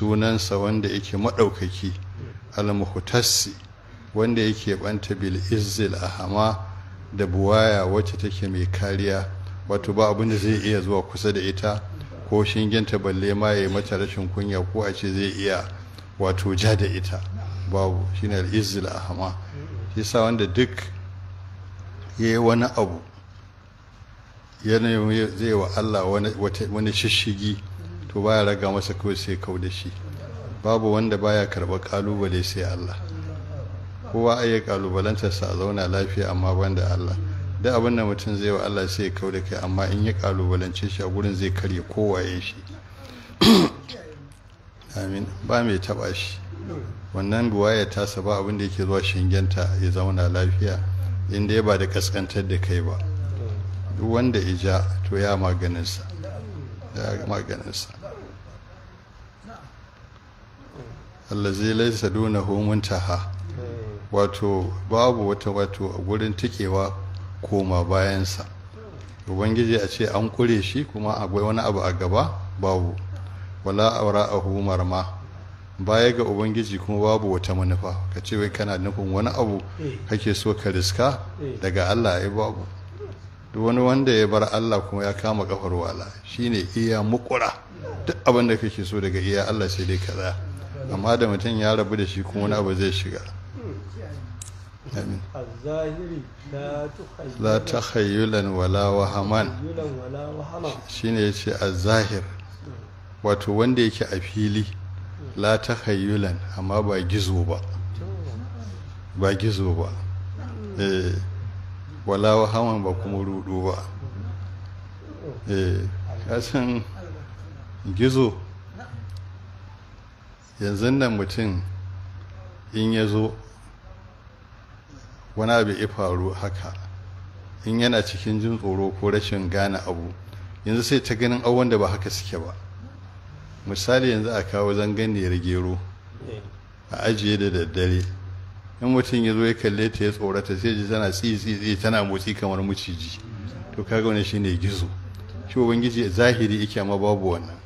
sunansa wanda yake maɗaukaki almuhtassi wanda yake ɓanta bil izzil ahama da buwaya wacce take mai kariya wato ba abin da zai iya zuwa kusa da ita ko shingenta balle ma ya yi mata rashin kunya ko a ce zai iya wato ja da ita babu shine al izzil ahama shi sa wanda duk ya yi wani abu yanayin zai wa Allah wani shishigi to baya raga masa kawai sai kau da shi babu wanda baya karɓar ƙalubale sai Allah kowa ayi ƙalubalantarsa a zauna lafiya amma banda Allah da abin da mutum zai wa Allah sai ya kau da kai amma in ya ƙalubalance shi a gurin zai karya kowaye shi amin ba mai taɓa shi wannan buwaya tasa ba abin da yake zuwa shingenta ya zauna lafiya inda ya ba da kaskantar da kai ba duk wanda ija to ya maganinsa ya maganinsa allazi laysa dunahu muntaha wato babu wata wato a gurin tikewa koma bayansa ubangiji a ce an kure shi kuma akwai wani abu a gaba babu wala aura a humar ma baya ga ubangiji kuma babu wata manufa ka ce wai kana nufin wani abu kake so ka riska daga allah ya babu duk wani wanda ya bar allah kuma ya kama kafar wala shine iya mukura duk abin da kake so daga iya allah sai dai kaza amma da mutum ya rabu da shi kuma wani abu zai shiga la ta hayyulan wala haman shi ne ya ce a zahir wato wanda yake a fili la ta hayyulan amma ba gizo ba ba gizo ba eh, wala haman ba kuma rudu ba eh kasan gizo yanzu nan mutum in ya zo wani abu ya faru haka in yana cikin jin tsoro ko rashin gane abu yanzu sai ta ganin awon da ba haka suke ba misali yanzu a kawo ya gero a ajiye da daddare in mutum ya zo ya kalle ta ya tsorata sai ji tana tsitsi tana motsi kamar maciji to kaga wani shine gizo shi ubangiji zahiri yake amma babu wannan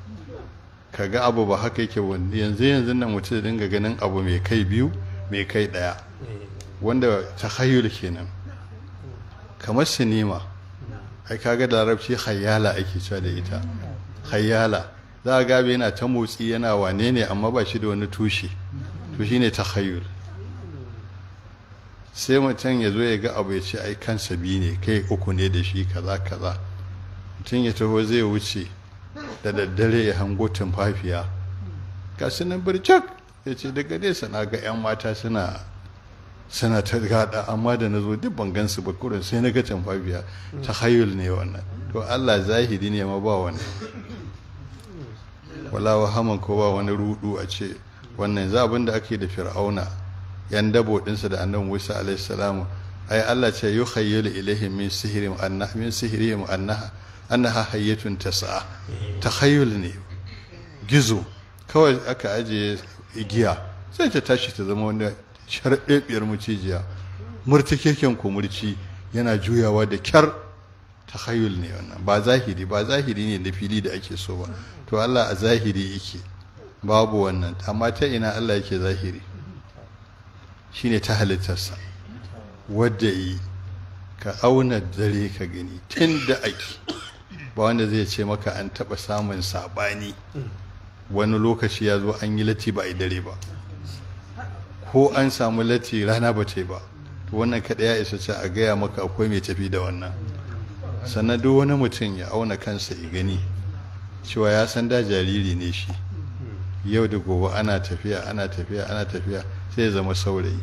ka ga abu ba haka yake yanzu yanzu nan mutum dinga ganin abu mai kai biyu mai kai ɗaya wanda ta hayul kenan kamar sinima ai kaga da larabci hayala ake cewa da ita hayala za a gabe yana ta motsi yana wane ne amma ba shi da wani tushe to ne ta hayul sai mutum ya zo ya ga abu ya ce ai kansa biyu ne kai uku ne da shi kaza kaza mutum ya taho zai wuce da daddare ya hango tumfafiya ga sunan bircik ya ce daga dai na ga 'yan mata suna suna ta gada amma da na zo duk ban gansu ba kurin sai na ga tumfafiya ta hayul ne wannan to allah zahiri ne ma ba wani wala haman ko ba wani rudu a ce wannan zaɓin da ake da fir'auna yan dabo ɗinsa da annabi musa alaihi salamu ai allah ce yukhayyalu ilaihim min min sihrihim annaha annaha hayyatun tas'a takhayul ne gizo kawai aka ajiye igiya sai ta tashi ta zama wani sharɗeɓiyar mucijiya murtikeken kumurci yana juyawa da kyar takhayul ne wannan ba zahiri ba zahiri ne da fili da ake so ba to Allah a zahiri yake babu wannan amma ta ina Allah yake zahiri shine ta halittarsa wadda yi ka auna dare ka gani tun da ake ba wanda zai ce maka an taɓa samun saɓani wani lokaci ya zo an yi lati ba a dare ba ko an samu lati rana ba ce ba to wannan kaɗai ya isa ce a gaya maka akwai mai tafi da wannan sannan duk wani mutum ya auna kansa ya gani cewa ya san da jariri ne shi yau da gobe ana tafiya ana tafiya ana tafiya sai zama saurayi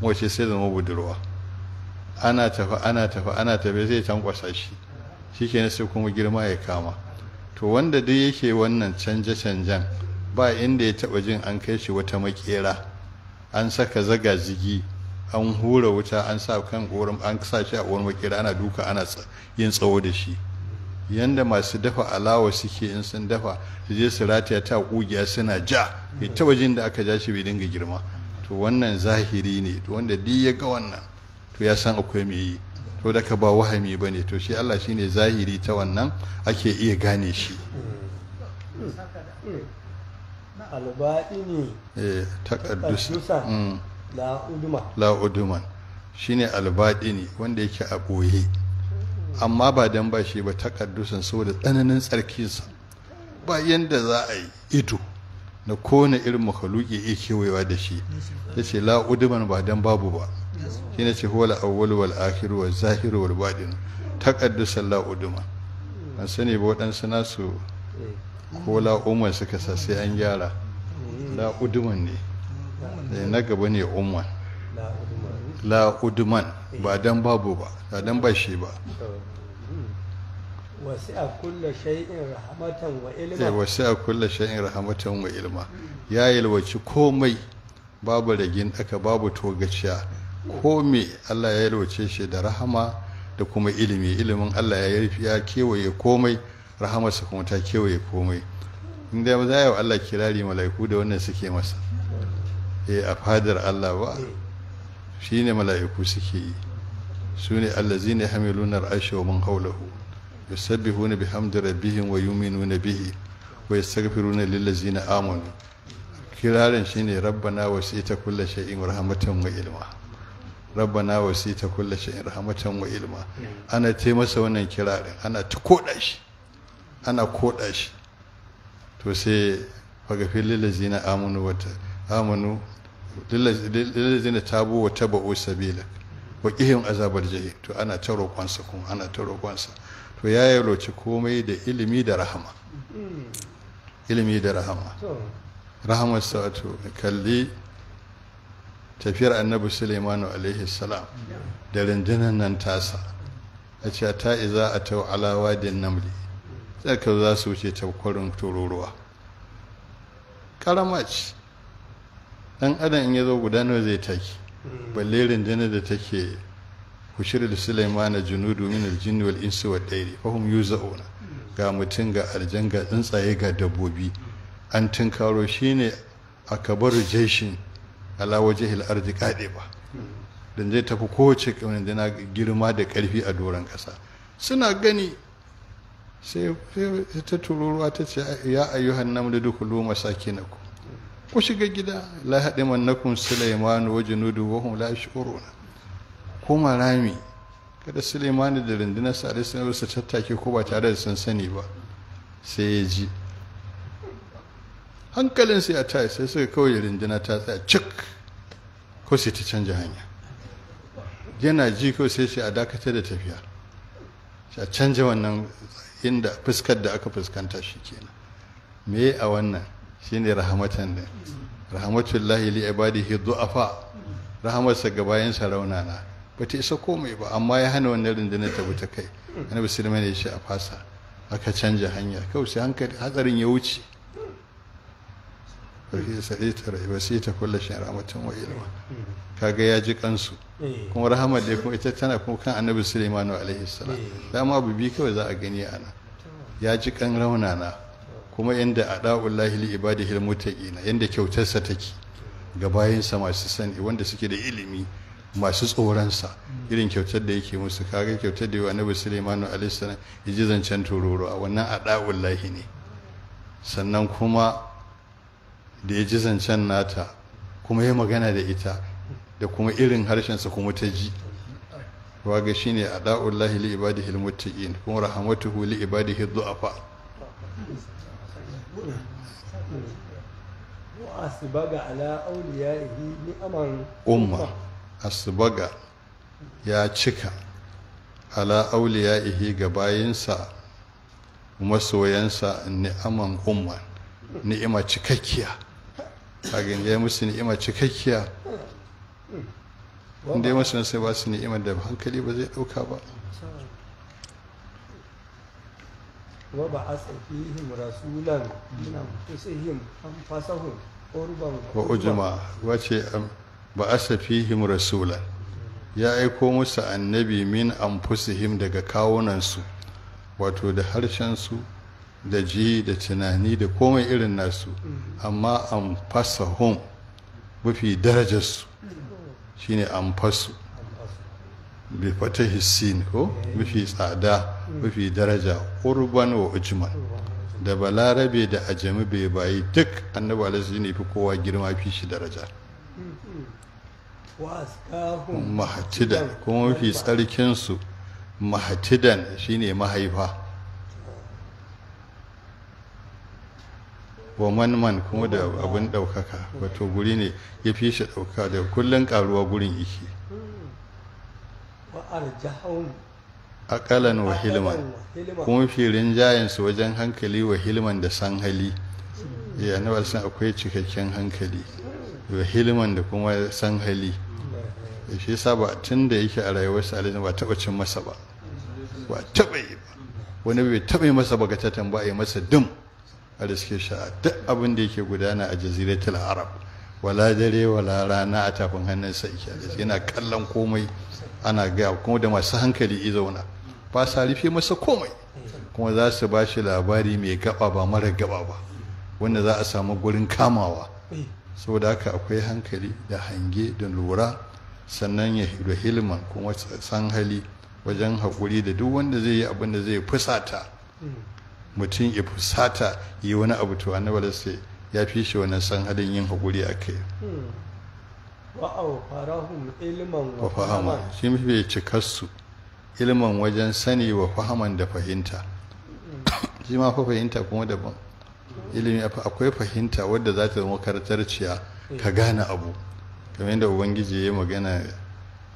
wace sai zama budurwa ana tafi ana tafi ana tafi zai tankwasa shi na sai kuma girma ya kama to wanda duk yake wannan canje-canjen ba inda ya taba jin an kai shi wata makera an saka zaga zigi an hura wuta an sa kan gorin an sa shi a wani makera ana duka ana yin tsawo da shi yanda masu dafa alawa suke in sun dafa su je su rataya ta kugiya suna ja bai taba jin da aka ja shi bai dinga girma to wannan zahiri ne to wanda duk ya ga wannan to ya san akwai mai yi to ka ba wahami ba ne to shi Allah shi ne zahiri ta wannan ake iya gane shi albaɗini taƙaddusa la'uduman shi ne eh, mm. ne wanda yake a ɓoye amma ba don ba shi ba takardusan saboda tsananin tsarkinsa ba yadda za a yi ido na kone irin makaluki iya kewayewa da shi ya ce la'uduman ba don babu ba shine ce huwal awwal wal akhir wal zahir wal batin taqaddasa Allah uduma ban sani ba waɗansu su. ko la umma suka sa sai an gyara la uduman ne da eh, na gaba ne umar la uduman ba dan babu ba ba dan ba shi ba wasu a kulla shay'in rahamatan wa ilma eh, wasu a kulla shay'in rahmatan wa ilma ya yalwaci komai babu ragin aka babu togaciya ko me Allah ya yalwace shi da rahama da kuma ilimi ilimin Allah ya yarfi ya kewaye komai rahamarsa kuma ta kewaye komai inda ba za a yi wa Allah kirari mala'iku da wannan suke masa eh a fadar Allah ba shi ne mala'iku suke yi su ne allazi ne hamilunar arshe wa man haulahu yusabbihuna bihamdi rabbihim wa yuminuna bihi wa yastaghfiruna na amanu kirarin shine rabbana wasita kulle shay'in rahmatan wa ilma rabbana wasita kulla shi rahmatan wa ilma ana ce masa wannan kira din ana ta koda shi ana koda shi to sai fagafin lillazina amanu wata amanu lillazina tabu wa tabu sabila wa qihim azabar jahim to ana ta sa kuma ana ta sa to ya yaloci komai da ilimi da rahama mm. ilimi da rahama rahama sa to kalli tafiyar annabi suleimanu alaihi salam da rundunar nan tasa a ce ta iza a tau alawa da namli tsarkar za su wuce tafkurin tururuwa karama ce ɗan adam in ya zo gudanar zai taki balle rundunar da take hushir da suleimanu junudu min aljinni wal insu wa fahim fahum yuza'una ga mutum ga aljan tsuntsaye ga dabbobi an tunkaro shine kabar jeshin ala waje ardi kaɗe ba don zai tafi kowace na girma da ƙarfi a doron ƙasa suna gani sai ta tururuwa ta ce ya ayyuhan namlu dukulu masakinaku ku shiga gida la haɗiman nakum sulaiman wa junudu wa hum la yashuruna kuma rami kada sulaiman da rundunar sa alaihi su tattake ko ba tare da sun sani ba sai ya ji hankalinsu ya tayi sai suka kawai rindina ta tsaya cik ko sai ta canja hanya yana ji ko sai shi a dakatar da tafiya a canja wannan inda fuskar da aka fuskanta shi kenan me a wannan shine rahamatan da rahmatullahi li ibadihi du'afa rahamarsa ga bayansa raunana ba ta isa komai ba amma ya hana wannan rundunar ta bi ta kai annabi sulaiman ya a fasa aka canja hanya kawai sai hatsarin ya wuce fi sadita sai ta kulla shi rahmatun wa ilma mm-hmm. kaga ya ji kansu eh. kuma rahamar da kuma ita tana kuma kan annabi Sulaimanu alaihi salam eh. dama abu bi kawai za a gani ana ya ji kan raunana kuma a da'ullahi li ibadihi almuttaqina yanda kyautarsa take ga bayinsa masu sani wanda suke da ilimi masu tsoronsa mm. irin kyautar da yake musu kaga kyautar da yi wa annabi Sulaiman alaihi salam yaji zancen wannan a wannan ada'ullahi ne sannan kuma da ya ji zancen nata kuma ya magana da ita da kuma irin harshensa kuma ta ji waga shine ada'ullahi li ibadihi almuttaqin kuma rahmatuhu li ibadihi du'afa asbaga umma asbaga ya cika ala awliyaihi ga bayinsa masoyansa ni'aman umma ni'ima cikakkiya kagin ya musu ni'ima cikakkiya inda ya musu sai ba su ni'ima da hankali ba zai ɗauka ba wa ba a tsakihim rasulan yana kusihim an fasahun ƙorban wa ujima wace um, ba a tsakihim rasulan ya aiko musu annabi min an daga kawunansu wato da harshensu da ji da tunani da komai irin nasu amma an fasa hun mafi darajarsu shine an fasu bi fata hissin ko mafi tsada mafi daraja urban wa ujman da balarabe da ajami bai bayi duk annabi alaihi ne fi kowa girma fi shi daraja mahatidan kuma mafi tsarkinsu mahatidan shine mahaifa wa manman kuma da abin ɗaukaka wato guri ne ya fi shi ɗauka da kullum ƙaruwa gurin iki akalan wa hilman kuma firin jayansu wajen hankali wa hilman da san hali ya na wasu akwai cikakken hankali wa hilman da kuma san hali da shi saba ba tun da yake a rayuwarsa alhaji ba taɓa cin masa ba ba taɓa yi ba wani bai taɓa yi masa ba ga ba a yi masa dum a riske shi a duk abin da yake gudana a jaziratul arab wala dare wala rana a tafin hannunsa yake yana kallon komai ana gaya kuma da masu hankali izauna ba sa rufe masa komai kuma za su ba shi labari mai gaba ba mara gaba ba wanda za a samu gurin kamawa saboda haka akwai hankali da hange da lura sannan ya da hilman kuma san hali wajen haƙuri da duk wanda zai yi abin da zai fusata mutum ya fusata yi wani abu to annabi da sai ya fi shi wannan san halin yin hakuri a kai hmm. wa fahama shi mafi cikarsu ilman wajen sani wa fahaman da fahimta hmm. shi ma fa fahimta kuma daban ilimi akwai fahimta wadda za ta zama karatarciya ka hmm. gane abu kamar yadda ubangiji ya yi magana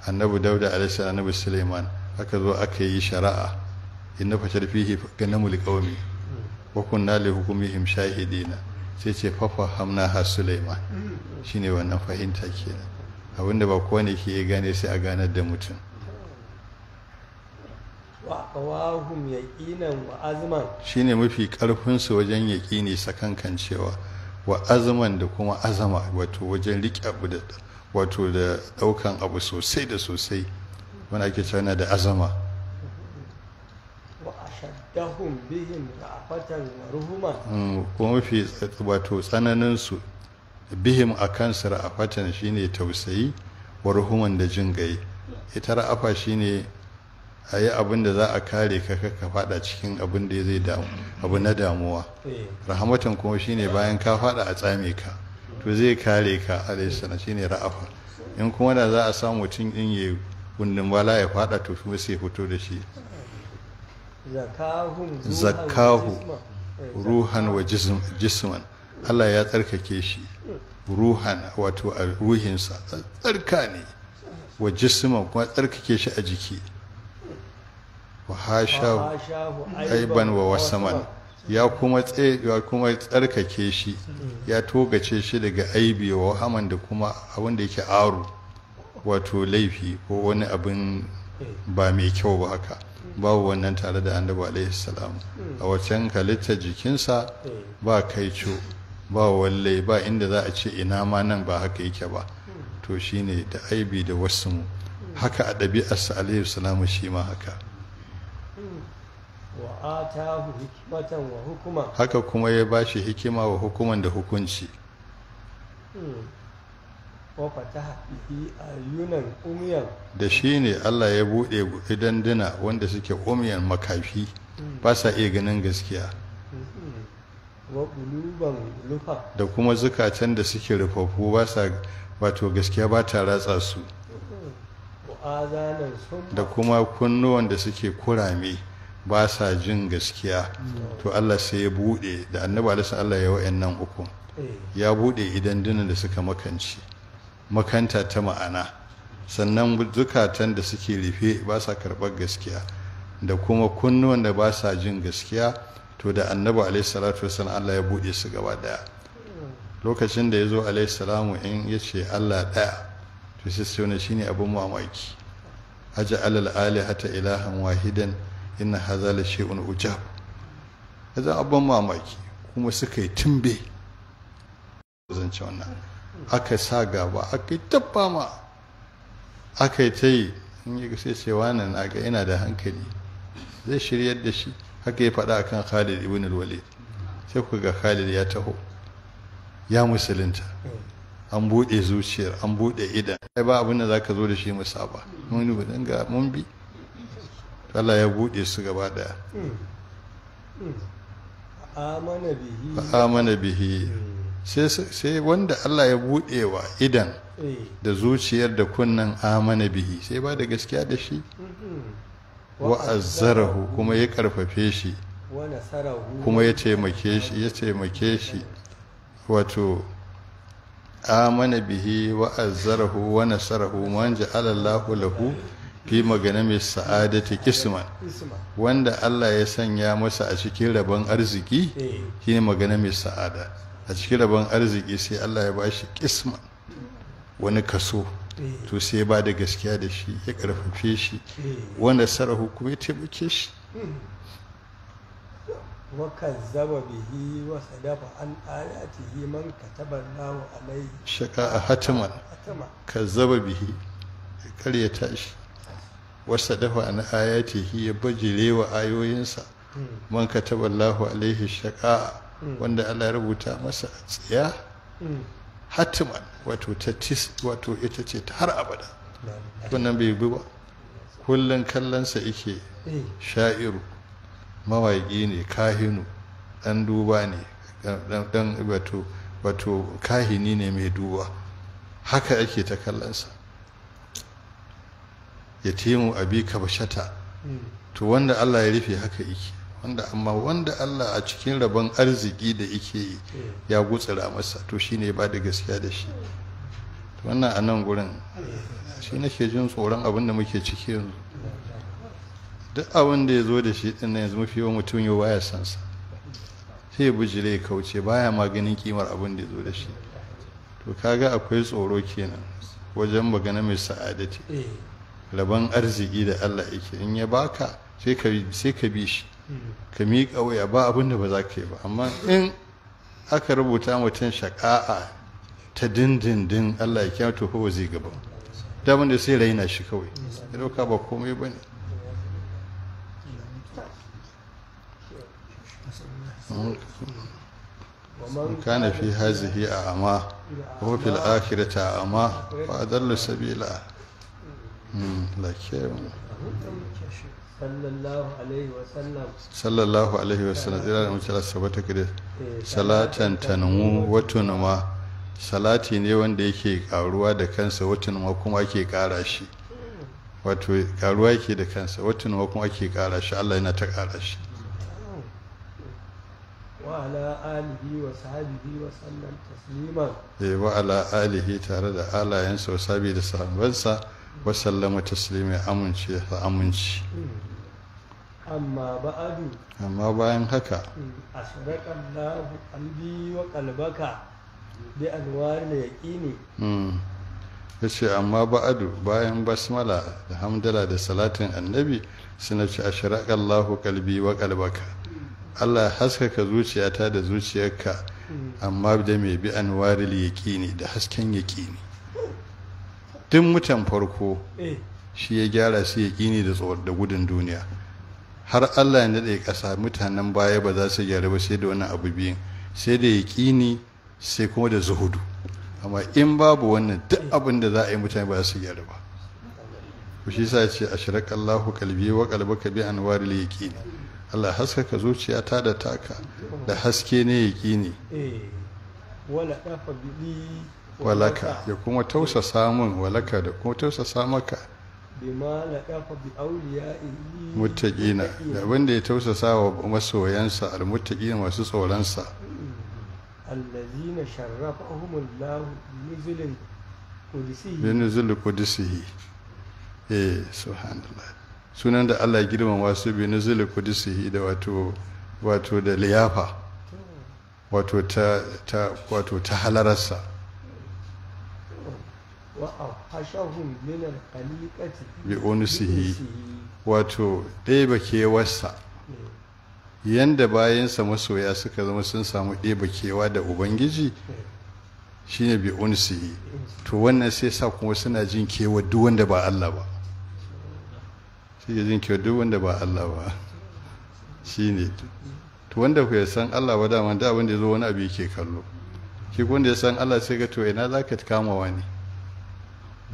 annabi dauda alaihi annabi suleiman aka zo aka yi shari'a inna fashar fihi ganamu liqaumi wa kunna li hukumihim shahidina sai ce fafa hamna ha sulaiman shine wannan fahimta kenan abinda ba ne ke gane sai a ganar da mutum qawahum yaqinan wa azman shine mafi karfin su wajen yaqini sakankan cewa wa azman da kuma azama wato wajen riƙe abu da wato da daukan abu sosai da sosai wani ake cewa da azama tahum bihim ra'afatan ruhuma mm, mafi wato tsananin su bihim a kansu ra'afatan shine tausayi wa ruhuman da jin gai ita ra'afa shine a yi abin da za a kare ka ka fada cikin abin da zai damu abu na damuwa eh. rahamatan kuma shine bayan ka fada a tsame ka to zai kare ka alaihi sana shine ra'afa in kuma da za a samu mutum in yi gundun bala ya fada to kuma sai fito da shi zakahu ruhan wa eh, jisman Allah ya tsarkake shi ruhan wato a ruhinsa tsarka ne wa jisman kuma tsarkake shi a jiki wa hasha aiban wa wasaman ya kuma kuma tsarkake shi hmm. ya togace shi daga aibi wa haman da kuma abinda yake aro wato laifi ko wani abin eh. ba mai kyau ba haka babu wannan tare da annabi alaihi salam a wacan kalitta jikinsa ba co. ba walle ba inda za a ce ina ma nan ba haka yake ba to shine da aibi da wasu mu haka a ɗabi'arsa alaihi salamu shi ma haka haka kuma ya ba shi hikima wa hukuman da hukunci hmm. da shi ne Allah ya buɗe idan dina wanda suke umiyan makafi mm. ba sa iya ganin gaskiya mm-hmm. da kuma zukatan da suke rufafu ba sa wato gaskiya ba ta ratsa su mm-hmm. da kuma kunnuwan da suke kurame ba sa jin gaskiya mm-hmm. to Allah sai ya buɗe da annabalisa Allah ya nan uku eh. ya buɗe idan dina da suka makanci makanta ta ma'ana sannan zukatan da suke rufe ba sa karɓar gaskiya da kuma kunnuwan da ba sa jin gaskiya to da annabi alaihi salatu wasallam Allah ya buɗe su gaba daya lokacin da ya zo alaihi salamu in ya ce Allah ɗaya to sai sai wani shine abin mamaki aja alal alihata ilahan wahidan inna hadha la shay'un ujab abin mamaki kuma suka yi tumbe aka sa gaba aka yi ta aka yi ta yi in yi sai ce wannan ga? yana da hankali zai shiryar da shi haka ya faɗa akan khalid ibn al-walid sai ku ga khalid ya taho ya musulunta an buɗe zuciyar an buɗe idan ai ba abin da za ka zo da shi musa ba mun ga mun bi Allah ya buɗe su gaba daya hmm. hmm. mana bihi sai wanda Allah ya buɗe wa idan eh. da zuciyar da kunnan amana bihi sai ba da gaskiya da shi mm-hmm. wa'azzarahu kuma ya karfafe shi kuma ya taimake shi ya taimake shi wato amana bihi wa'azzarahu wa nasarahu man ja'ala Allahu lahu fi magana mai sa'adati kisman wanda Allah ya sanya masa a cikin rabon arziki eh. shine magana mai sa'ada a cikin rabon arziki sai Allah ya bashi kisma wani kaso to sai ba da gaskiya da shi ya karfafe shi wanda sarahu kuma ya taimake shi wakan zaba bihi wa sadafa an ayatihi man kataban nawo alai shaka a hatiman ka zaba bihi ya karyata shi wa dafa an ayatihi ya bajirewa ayoyinsa hmm. man kataban lahu alaihi shaka'a Mm. wanda Allah ya rubuta masa tsiya mm. hatiman wato ta wato ita ce ta har abada wannan bai bi ba kullum kallonsa ike eh. sha'iru mawaƙi ne kahinu ɗan duba ne ɗan wato wato kahini ne mai duba haka ake ta kallonsa ya taimu abi ka bashata mm. to wanda Allah ya rufe haka ike. wanda amma wanda Allah a cikin rabon arziki da yake yi ya gutsura masa to shi ne ba da gaskiya da shi wannan a nan gurin shi nake jin tsoron abin da muke ciki yanzu duk abin da ya zo da shi din yanzu mafi yawan mutum yau baya sansa. sa sai bijire kauce baya ma ganin kimar abin da ya zo da shi to kaga akwai tsoro kenan wajen magana mai sa'adati eh. rabon arziki da Allah yake in ya baka sai ka bi shi ka miƙa waya ba abin da ba za ka yi ba amma in aka rubuta mutum shaka'a ta dindindin Allah ya kyautu ko zai gaba damar da sai raina shi kawai ya dauka ba komai ba ne kana fi hazihi a amma ko fil a amma ba a zalla sabila hmm, lakewa sallallahu alaihi wasallam tsira da mace sabata gare eh, salatan tanmu watunuma salati ne wanda yake karuwa da kansa watunuma kuma ake kara shi wato karuwa yake da kansa watunuma kuma ake kara shi Allah yana ta kara shi alihi sahbihi wa sallam وسلم eh wa ala alihi tare da alayansa wa sabi da sahabbansa wa sallama taslima amince amince hmm. amma ba'adu amma bayan haka asraka Allahu wa bi hmm. yace amma ba'adu bayan basmala da hamdala da salatin annabi suna ce ashraka Allahu kalbi wa kalbaka Allah haskaka zuciyata da zuciyarka amma da mai bi an wari yaƙini da hasken yaƙini duk mutan farko eh. shi ya gyara su yaƙini da da gudun duniya har Allah ya nade ƙasa mutanen baya ba za su gyara ba sai da wannan abu biyu sai da yaƙini sai kuma da zuhudu amma in babu wannan duk abin da za a yi mutane ba za su gyara ba ku shi sa ce ashraq Allahu kalbi wa ka bi anwaril yaqin Allah haska ka zuciya ta da taka da haske ne yaqini eh, wala walaka ya kuma tausasa mun walaka da kuma tausasa maka Muttaƙina, da wanda ya tausasa wa masoyansa almuttaqina masu tsoronsa Bin sharrafahumullahu nuzulin eh subhanallah sunan da Allah girmama su Bin nuzul qudsihi da wato da liyafa wato ta wato ta halararsa وأوحشهم من الخليقة بأنسه wato ɗeba kewarsa eh. yanda bayansa masoya suka zama sun samu ɗeba kewa da ubangiji eh. shine bi unsihi to wannan sai sa kuma suna jin kewa duk wanda ba Allah ba shi ke jin kewa duk wanda ba Allah ba shi ne to wanda ku ya san Allah ba dama da abin da ya zo wani abu yake kallo shi da ya san Allah sai ga to ina za ka kama wani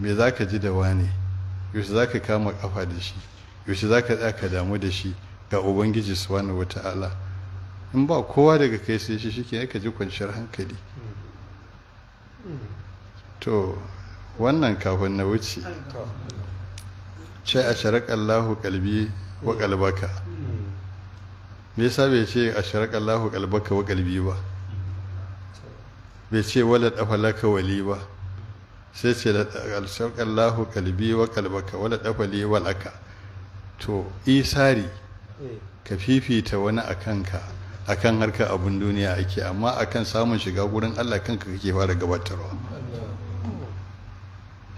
me za ka ji da wane yaushe za ka kama kafa da shi yaushe za ka tsaka damu da shi ga ubangiji subhanahu ala? in ba kowa daga kai sai shi shike ka ji kwanciyar hankali to wannan kafin na wuce ce a sharaƙallahu kalbi wa kalbaka me yasa bai ce a sharaƙallahu kalbaka wa kalbi ba bai ce wala ɗafa laka wali ba sai ce alsarƙallahu kalbi wa kalbaka wala dafali walaka to isari eh. ka fifita wani a kanka a kan harkar abin duniya ake amma a kan samun shiga wurin allah kanka kake fara gabatarwa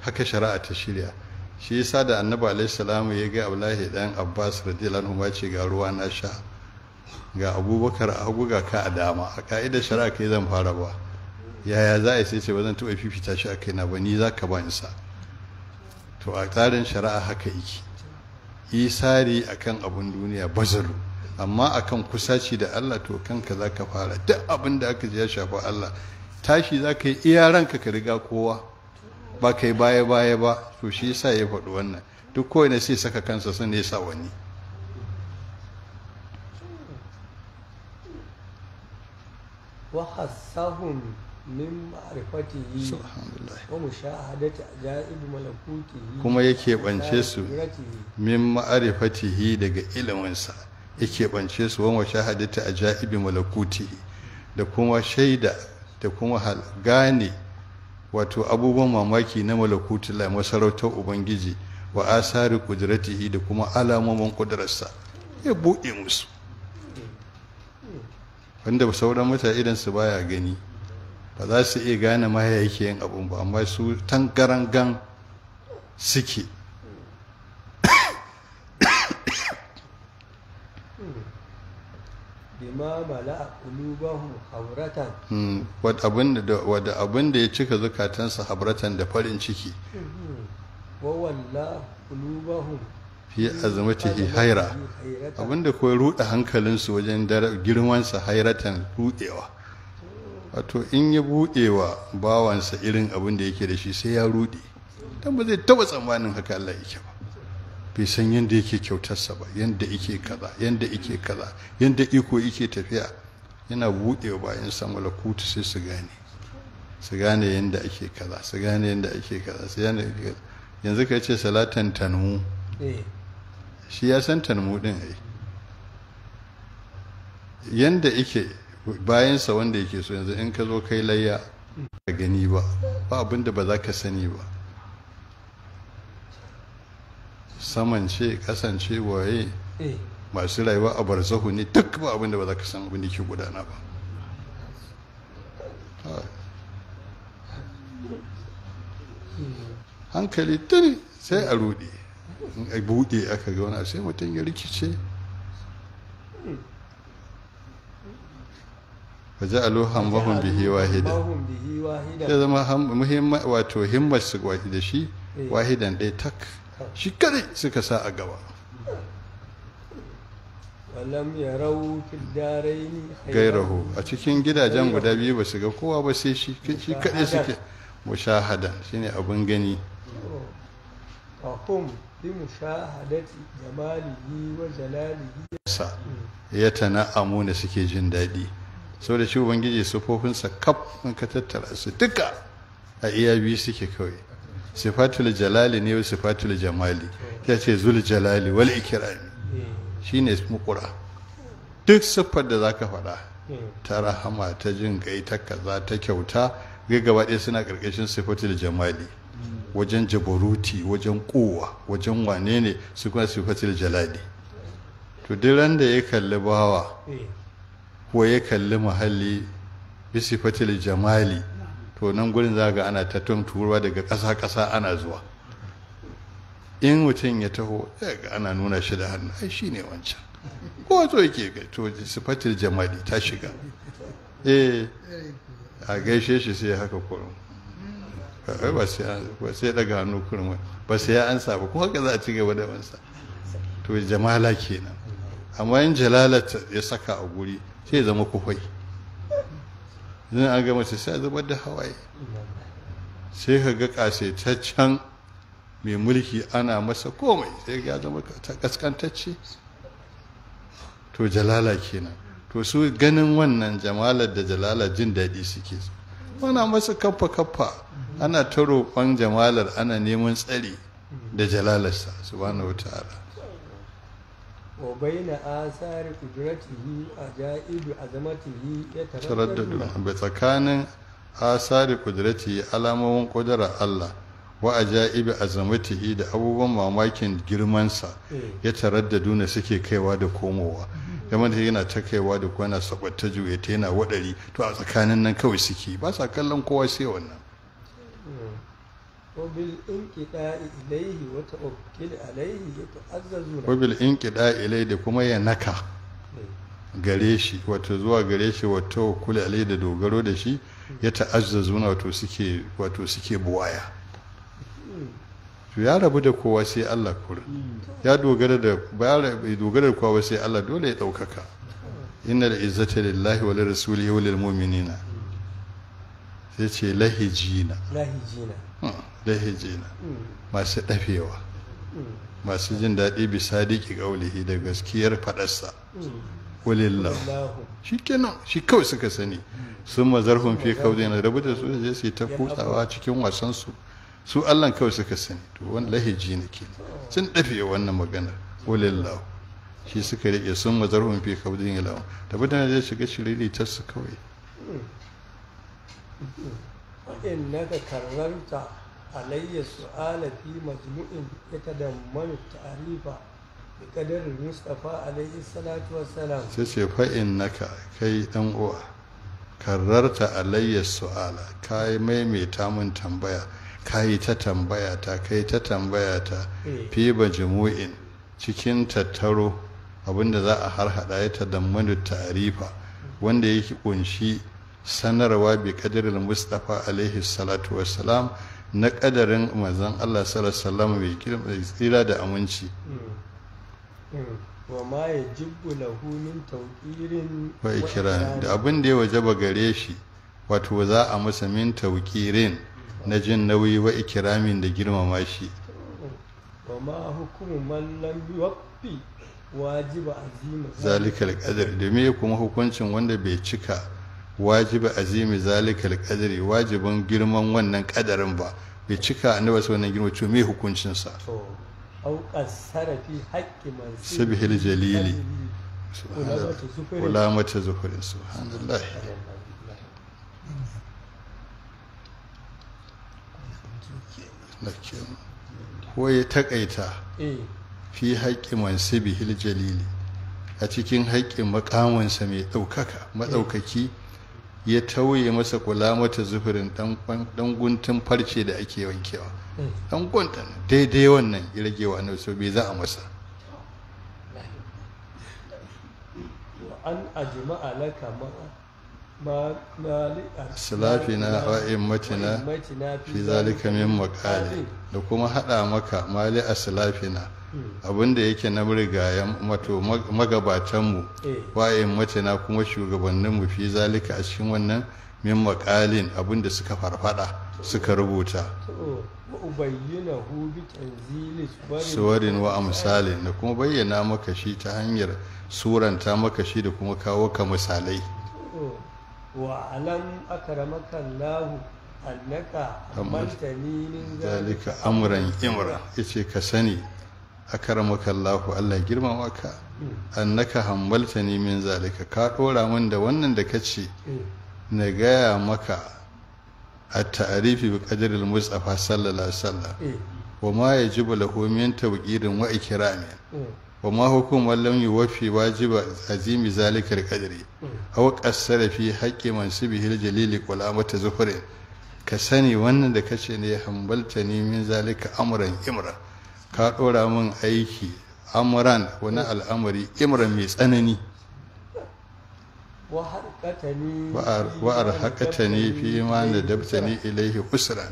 haka shari'a ta shirya shi yasa da annabi alaihi salamu ya ga abdullahi dan abbas radiyallahu anhu ce ga ruwa na sha ga abubakar a hagu ga ka a dama a ka'idar shari'a kai zan fara ba yaya za a yi sai ce ba zan taɓa fifita shi a kaina ba ni za ka ba sa to a tsarin shari'a haka yake isari kan abin duniya bazalu amma a akan kusaci da Allah to kanka za ka fara duk abin da aka ji ya shafi Allah tashi za ka yi iya ranka ka riga kowa ba ka yi baya baya ba to shi yasa ya faɗi wannan duk kowane sai saka kansa sun ne sa wani وخصهم min ma'arifatihi wa mushahadati ajaib malakutihi kuma yake bance su min ma'arifatihi daga iliminsa yake bance su wa mushahadati ajaib malakutihi da kuma shaida da kuma hal gane wato abubuwan mamaki na malakutullah masarautar ubangiji wa asari kudratihi da kuma alamomin kudurarsa ya buɗe musu wanda sauran mutane idan su baya gani ba za su iya gane mahaya yake yin abun ba amma su tangarangan suke hmm, wadda abin da ya cika zukatansa habratan da farin ciki fi azumatihi haira da kawai ruɗa hankalinsu wajen girmansa hairatan rudewa. wato in ya buɗe wa bawansa irin abin da yake da shi sai ya ruɗe dan ba zai taɓa tsammanin haka Allah yake ba bai san yadda yake kyautarsa ba yadda yake kaza yadda yake kaza yadda iko yake tafiya yana buɗe bayan sa malakutu sai su gane su gane yadda ake kaza su gane yadda ake kaza su gane yanzu ka ce salatan tanmu eh. shi ya san tanmu din ai yadda yake bayansa wanda yake so yanzu in ka zo kai layya ka gani ba ba abin da ba za ka sani ba saman ce kasance waye eh. masu rayuwa a barzahu ne duk ba abin da ba za ka san abin da ke gudana ba hankali tuni sai a rude in a buɗe aka ga wani sai mutum ya rikice waje alu hamahun bihi wahida ya zama wato himmar su da shi wahidan ɗaya tak shi kare suka sa a gaba gairahu a cikin gidajen guda biyu ba su ga kowa ba sai shi shi kaɗai suke mushahada shine abin gani ya tana amuna suke jin daɗi Sau da shi ubangiji sufofinsa kaf in ka tattara su duka a iya biyu suke kawai sifatul jalali ne sifatul jamali ya ce zul jalali wal ikirami shine mukura duk siffar da za ka faɗa ta rahama ta jin gai ta kaza ta kyauta gaba ɗaya suna ƙarƙashin sifatul jamali wajen jabaruti wajen kowa wajen wane ne su kuma sifatul jalali to duk da ya kalli bawa eh. ko ya kalli muhalli bisifatil jamali to nan gurin za ga ana ta turuwa daga ƙasa-ƙasa ana zuwa in mutum ya taho ana nuna shi da hannu ai shi ne wancan ko to yake ga to sifatil jamali ta shiga eh a gaishe shi sai haka kurum ba sai daga hannu kurum ba sai ya ansa ba ko haka za a ci gaba da wansa to jamala kenan amma in jalalata ya saka a guri sai zama kufai idan an gama sai sai zubar da hawaye sai ka ga kasaitaccen mai mulki ana masa komai sai ya zama ta kaskantacce to jalala kenan to su ganin wannan jamalar da jalala jin daɗi suke ana masa kaffa kaffa ana ta roƙon jamalar ana neman tsari da jalalarsa subhanahu wa ta'ala وبين آثار قدرته أجائب عظمته يتردد بتكان آثار قدرته alamomin قدر Allah wa ajaibi azamatihi da abubuwan mamakin girmansa eh. ya taraddadu na suke kaiwa da komowa kamar da yana ta kaiwa da kwana sabatta juya yana waɗari to a tsakanin nan kawai suke ba sa kallon kowa sai wannan wabil in ƙida ilai da kuma ya naka gare shi wato zuwa gare shi wato kula alai da dogaro da shi ya ta'azzazuna wato suke wato suke buwaya to ya rabu da kowa sai Allah kurin ya dogara da ba dogara da kowa sai Allah dole ya daukaka innal izzata lillahi wa rasuli wa lil mu'minina sai ce lahijina lahijina lahijina mm. masu ɗafewa mm. masu jin daɗi bisa diki ƙaulihi da gaskiyar faɗarsa mm. walillahu shi kenan shi kawai suka sani sun mazarhun fi kawai na rabu da su da je su ta kutsawa cikin wasansu su allan kawai suka sani to wani lahiji na ke oh. sun ɗafe wannan magana walillahu shi suka riƙe sun mazarhun fi kawai na rabu da mutane zai shiga shiriri ta su kawai in naka alayya su'ala fi majmu'in ita da man tarifa bi kadari mustafa alayhi salatu wassalam sai ce fa innaka kai dan uwa kararta alayya su'ala kai maimaita mun tambaya ka yi ta tambaya ta kai ta tambaya ta eh. fi majmu'in cikin tattaro abinda za a har harhaɗa ita da manu tarifa wanda yake kunshi sanarwa bi kadirin mustafa alaihi salatu wassalam salam na ƙadarin mazan Allah sallallahu alaihi wasallam bai tsira da aminci mm. Mm. wa ma ya jibbu lahu min tawqirin wa ikran da abin da ya wajaba gare shi wato za a masa min tawqirin na jin nauyi wa ikramin da girmama shi wa ma hukumu man lam yuwaffi wajiba azima zalikal qadar da me kuma hukuncin wanda bai cika wajibi azimi zalikal qadri wajibin girman wannan kadarin ba bai cika annabi sai wannan girma ce me hukuncin sa au qasara fi haqqi man sibhil jalili wala mata zuhurin subhanallah ko ya takaita eh. fi haƙƙi mansibi hil jalili a cikin haƙƙin makamansa mai ɗaukaka eh. maɗaukaki ya tauye masa kula mata zuhurin dan guntun farce da ake wankewa dan guntun daidai wannan ya rage wa bai za a masa an ajma'a laka ma salafina wa immatina fi zalika min makali da kuma hada maka mali na Hmm. abinda yake na ya mato magabatanmu eh. wayan mace na kuma shugabanninmu fi zalika a cikin wannan min makalin da suka farfada suka rubuta oh, suwarin wa amsali da kuma bayyana maka shi ta hanyar suranta maka shi da kuma kawo ka misalai oh, wa alam akramaka annaka amantani min zalika amran imra yace ka sani akaramaka Allahu Allah girma ka annaka hambalta ni min zalika ka dora min da wannan da kace na gaya maka a ta'arifi bi qadri mustafa sallallahu alaihi wasallam wa ma yajibu lahu min tawqirin wa ikrami wa ma hukum lam yuwafi wajiba azimi zalika al-qadri aw qassara fi haqqi man sibihi aljalil qulamata zufrin ka sani wannan da kace ne hambalta ni min zalika amran imran ka ɗora min aiki amuran wani al'amari imran mai tsanani wa'ar haƙata ne fi ma na dabta ne ilaihi usra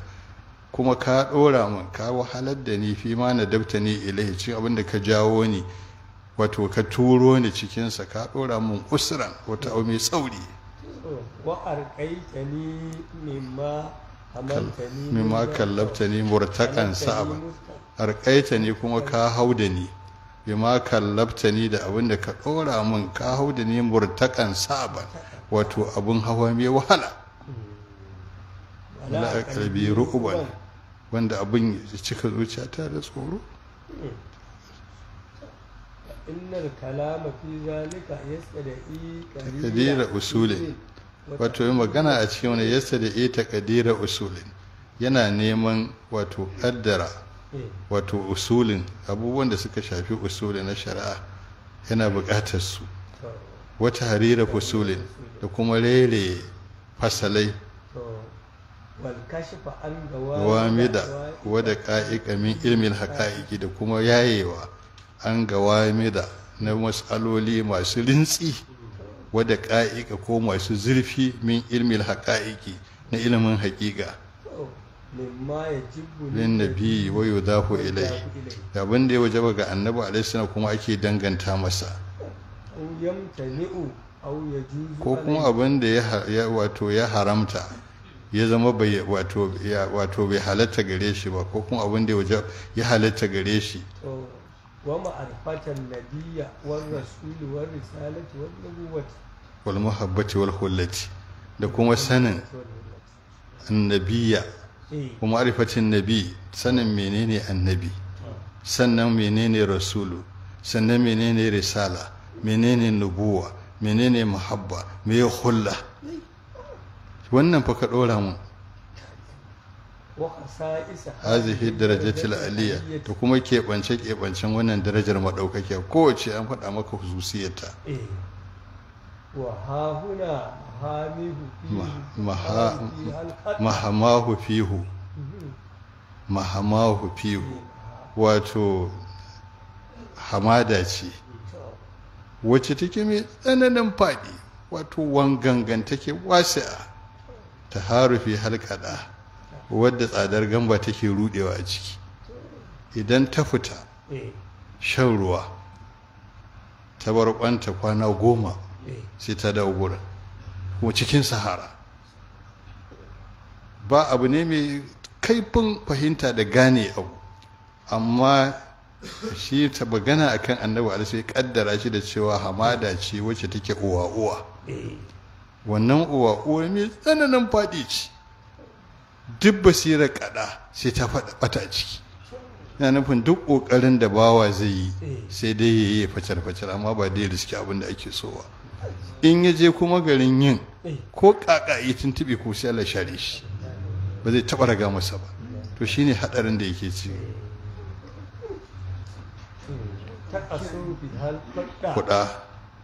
kuma ka ɗora min ka wahalar da ni fi ma na dabta ne ilaihi cin abin da ka jawo ni wato ka turo ni cikinsa ka ɗora min usran wata au mai tsauri wa'ar ƙaita ne mimma mimma kallabta ni murtaƙan sa'aba arƙaita ni kuma ka hau da ni Mima kallabta ni da abin da ka ɗora min ka hau da ni murtaƙan sa'aba wato abin hawa mai wahala wala a ƙalbi ru'uban wanda abin ya cika zuciya ta da tsoro innal kalama fi zalika yasda'i kadira usule wato yi magana a cikin wani yasta da ita kadira usulin yana neman wato kaddara wato usulin abubuwan da suka shafi usuli na shari'a yana buƙatar su wata harira usulin da kuma rere fasalai wamida wadda ka'ika min ilmin haka'iki da kuma yayewa an ga wamida na matsaloli masu rintsi wadda ka'ika ko masu zurfi min ilmil haƙa'iki na ilimin haƙiƙa lin nabi wa yudafu ilai abin da ya wajaba ga annabi alaihi kuma ake danganta masa ko kuma abin da ya wato ya haramta ya zama bai wato bai halatta gare shi ba ko kuma abin da ya halatta gare shi oh. ومعرفة النبي والرسول والرسالة والنبوة والمحبة والخلة لكم سنة النبي ومعرفة النبي سنة منين النبي سنة منين الرسول سنة منين الرسالة منين النبوة منين محبة مي خلة wannan fa ka dora mu hazihi darajatul aliyya ta kuma keɓance keɓancen wannan darajar maɗaukakiya kowace an faɗa maka hususiyarta eh. mahamahu fihu mhm. mahamahu fihu eh, wato hamada ce wacce take mai tsananin faɗi wato wangangan take wasi'a ta harufi halkaɗa wadda tsadar gamba take rudewa a ciki idan ta fita eh. shan ruwa ta bar kwanta kwana goma eh. sai ta dawo gurin kuma cikin sahara ba abu ne mai kaifin fahimta da gane abu amma shi ta magana akan annabi alaihi ya kaddara shi da cewa hamada ce wacce take uwa uwa eh. wannan uwa uwa mai tsananin faɗi ce duk basirar kada sai ta faɗa bata ciki na nufin duk ƙoƙarin da bawa zai yi sai dai ya yi facar-facar amma ba dai riski abin da ake so ba in ya je kuma garin yin ko kaka ya tuntuɓe ko sai Allah share shi ba zai taɓa raga masa ba to shine haɗarin da yake ci kuɗa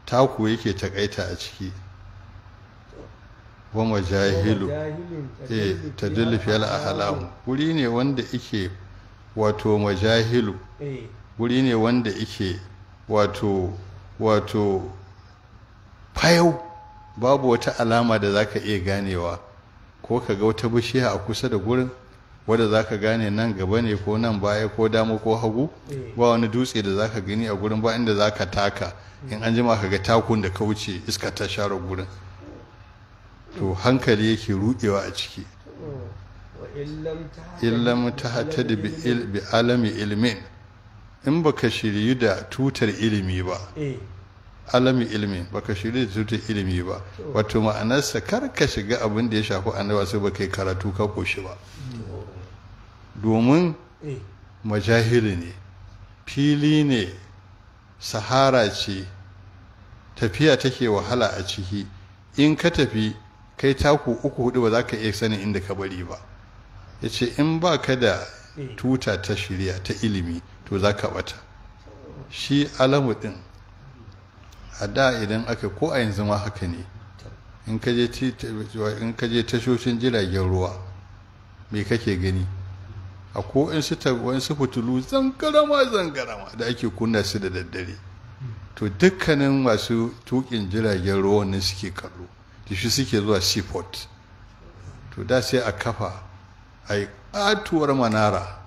taku yake takaita a ciki wa majahilu eh tadullu fiyal ahlam wuri ne wanda ike wato majahilu eh. wuri ne wanda ike wato wato fayau babu wata alama da zaka iya ganewa ko ka ga wata bishiya a kusa da gurin wadda zaka gane nan gaba ne ko nan baya ko dama ko hagu eh. ba wani dutse da zaka gani a gurin ba inda zaka taka in an jima ka ga takun da ka wuce iska ta share gurin to hankali yake ruɗewa a ciki illam ta da bi alami ilmin in baka shirya da tutar ilimi ba eh. alami ba baka shirya da tutar ilimi ba wato ma'anarsa kar ka shiga abin da ya shafi annaba sai baka yi karatu ka koshi ba domin eh. majahili ne fili ne sahara ce tafiya take wahala a ciki in ka tafi kai taku uku hudu ba za ka iya sanin inda ka bari ba ya ce in ba ka da eh. tuta ta shirya ta ilimi to za ka bata shi alamu din a da idan aka ko a yanzu ma haka ne in ka je tashoshin jiragen ruwa me kake gani a ko in su wani su fitulu zangarama zangarama da ake kunna su da daddare to dukkanin masu tukin jiragen ruwa ne suke kallo da shi suke zuwa seaport to da sai a kafa a yi katuwar manara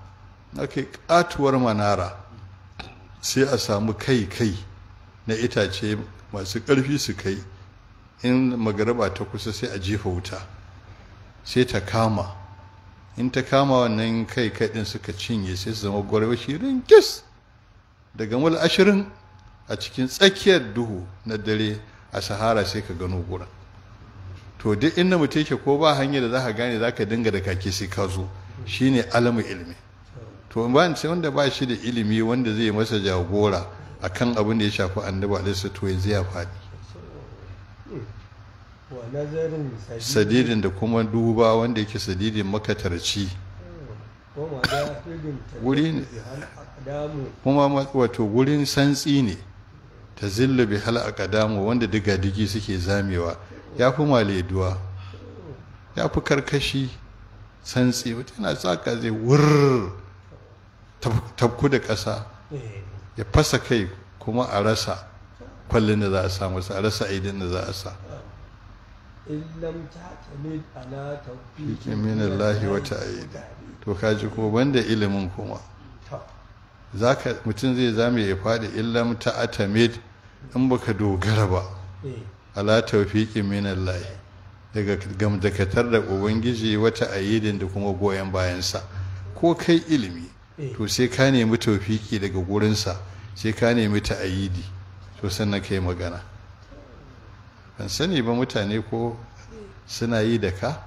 na katuwar manara sai a samu kai-kai na itace masu ƙarfi su kai in magaraba ta kusa sai a jefa wuta sai ta kama in ta kama wannan kai kai din suka cinye sai su zama gwarwashi rinkis daga mul ashirin a cikin tsakiyar duhu na dare a sahara sai ka gano gurin to duk inda mutum ke ko ba hanyar da za ka gane za ka dinga da kake sai ka zo shi ne alamu ilimi to ba sai wanda ba shi da ilimi wanda zai masa jagora akan abin da ya shafi annabi alaihi to ya zai faɗi sadidin da kuma duba wanda yake sadidin makatarci kuma wato gurin santsi ne ta zilla bi hal aqdamu wanda diga digi suke zamewa ya fi maleduwa ya fi karkashi santsi yana tsaka zai wurr tafku da ƙasa eh. ya fasa kai kuma a rasa kwallon da za a samu a rasa aidin da za a sa min Allahi wata aida to kaji ko banda ilimin kuma mutum zai zame ya faɗi ta ta'atamid in baka dogara ba eh. ala tawfiqi min Lai, daga gamdakatar da ubangiji wata ayyidin da kuma goyon bayansa ko kai ilimi eh. to sai ka nemi taufiƙi daga gurinsa sai ka nemi ayyidi, to sannan kai magana ban sani ba mutane ko suna yi da ka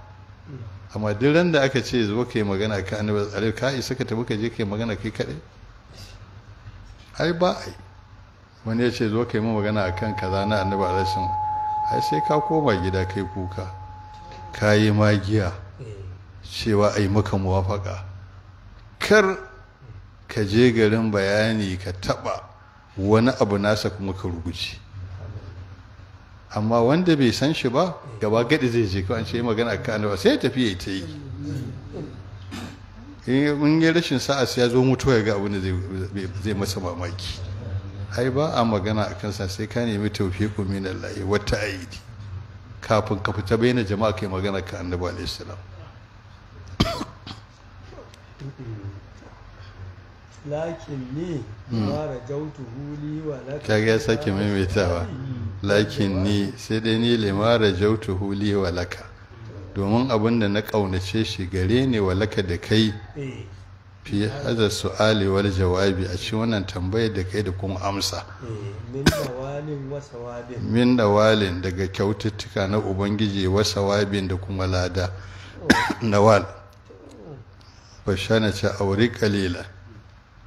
amma duk ran da aka ce zo kai magana ka annabi alaihi ka isa ka tafi ka je kai magana kai kaɗai. ai ba ai wani ya ce zo kai mu magana akan kaza na annabi alaihi ai sai ka koma gida kai kuka ka yi magiya cewa ai maka muwafaka kar ka je garin bayani ka taba wani abu nasa kuma ka rubuce amma wanda bai san shi ba gaba gadi zai je an ce magana ka ba sai ya tafi ya ta yi in yi rashin sa'a sai ya zo mutuwa ya ga abin da zai masa mamaki ai ba a magana a kansa sai ka nemi taufiku min Allah wa ta'idi kafin ka fita bayyana jama'a kai magana ka annabi alayhi salam lakin ni mara hmm. jautu huli wa kage ya sake maimaitawa lakin ni sai dai ni mara jautu huli wa laka domin abin da na kaunace shi gare ne walaka da kai eh. fi hada su'ali wal jawabi a cikin wannan tambayar da kai da kuma amsa min da walin daga kyaututtuka na ubangiji wasa wabin da kuma lada nawal na ta auri kalila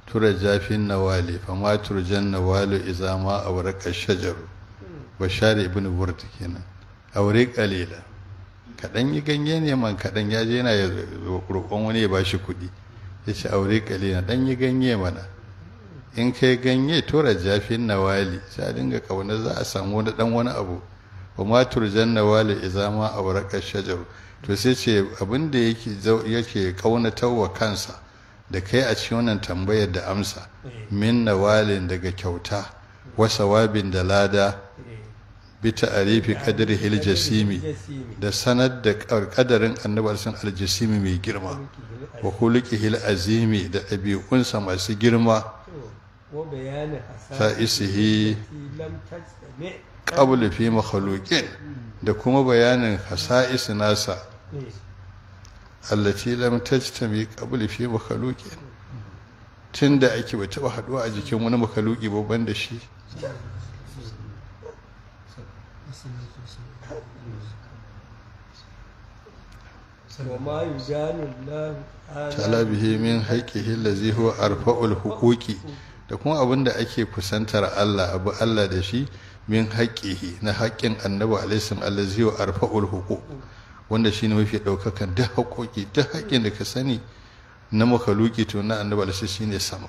tura jafin nawali fama turjan nawalu izama aure kashajaru bashari ibn wurt kenan aure kalila kaɗan yi ganye ne man kaɗan ya je yana roƙon wani ya ba shi kuɗi ya ce aure kalina dan yi ganye mana in kai ganye tura jafin nawali sai a dinga kauna za a samu wani ɗan wani abu ba ma turjan nawali idza ma warakar shajaru to sai ce abin da yake yake kaunatar wa kansa da kai a cikin wannan tambayar da amsa min nawalin daga kyauta wasa wabin da lada bi ta'arifi qadrihi al-jasimi da sanad da kadarin annabi sun al-jasimi mai girma wa khuluqihi al-azimi da ɗabi'unsa masu girma sa'isihi qabl fi makhluqin da kuma bayanin hasa'is nasa allati lam tajtami qabl fi makhluqin tunda ake ba taba haduwa a jikin wani makhluqi babban da shi talabihi min الله تعالى به من حقه da kuma abin da ake kusantar Allah abu Allah da shi min haƙƙihi na haƙƙin annabi alaihi allazi huwa arfa'ul huquq wanda shi ne mafi ɗaukakan duk haƙoƙi duk haƙƙin da ka sani na makaluki to na annabi shi ne sama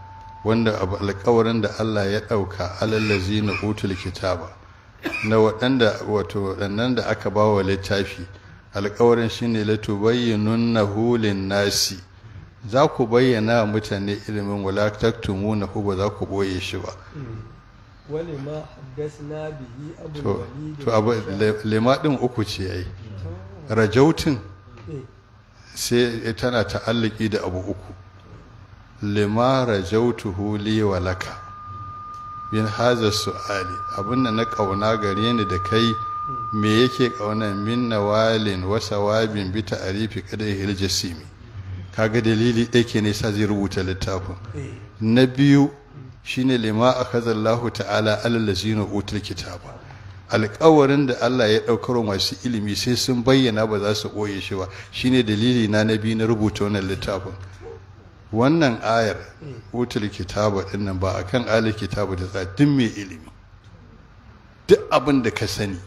wanda abu alkawarin da Allah ya ɗauka alallazi na utul kitaba na waɗanda wato waɗannan da aka ba wa littafi alkawarin shine latubayyinun na nasi za ku bayyana mutane ilimin wala taktumu na ba za ku boye shi ba to abu lima din uku ce yayi rajautin eh. sai tana ta'alliki da abu uku lima jautuhu li wa laka bin haza su'ali abinda na kauna gare ni da kai me yake kauna min nawalin wa sawabin bi ta'rifi qadahil jasimi kaga dalili ɗaya ne sa zai rubuta littafin eh. na biyu shine lima a kazan lahu ta'ala alal na utul kitaba alƙawarin da Allah ya ɗaukar masu ilimi sai sun bayyana ba za su ɓoye shi ba shine dalili na na biyu na rubuta wannan littafin wannan ayar wutar kitaba din nan ba akan alil kitaba da tsaya duk mai ilimi duk abin da ka sani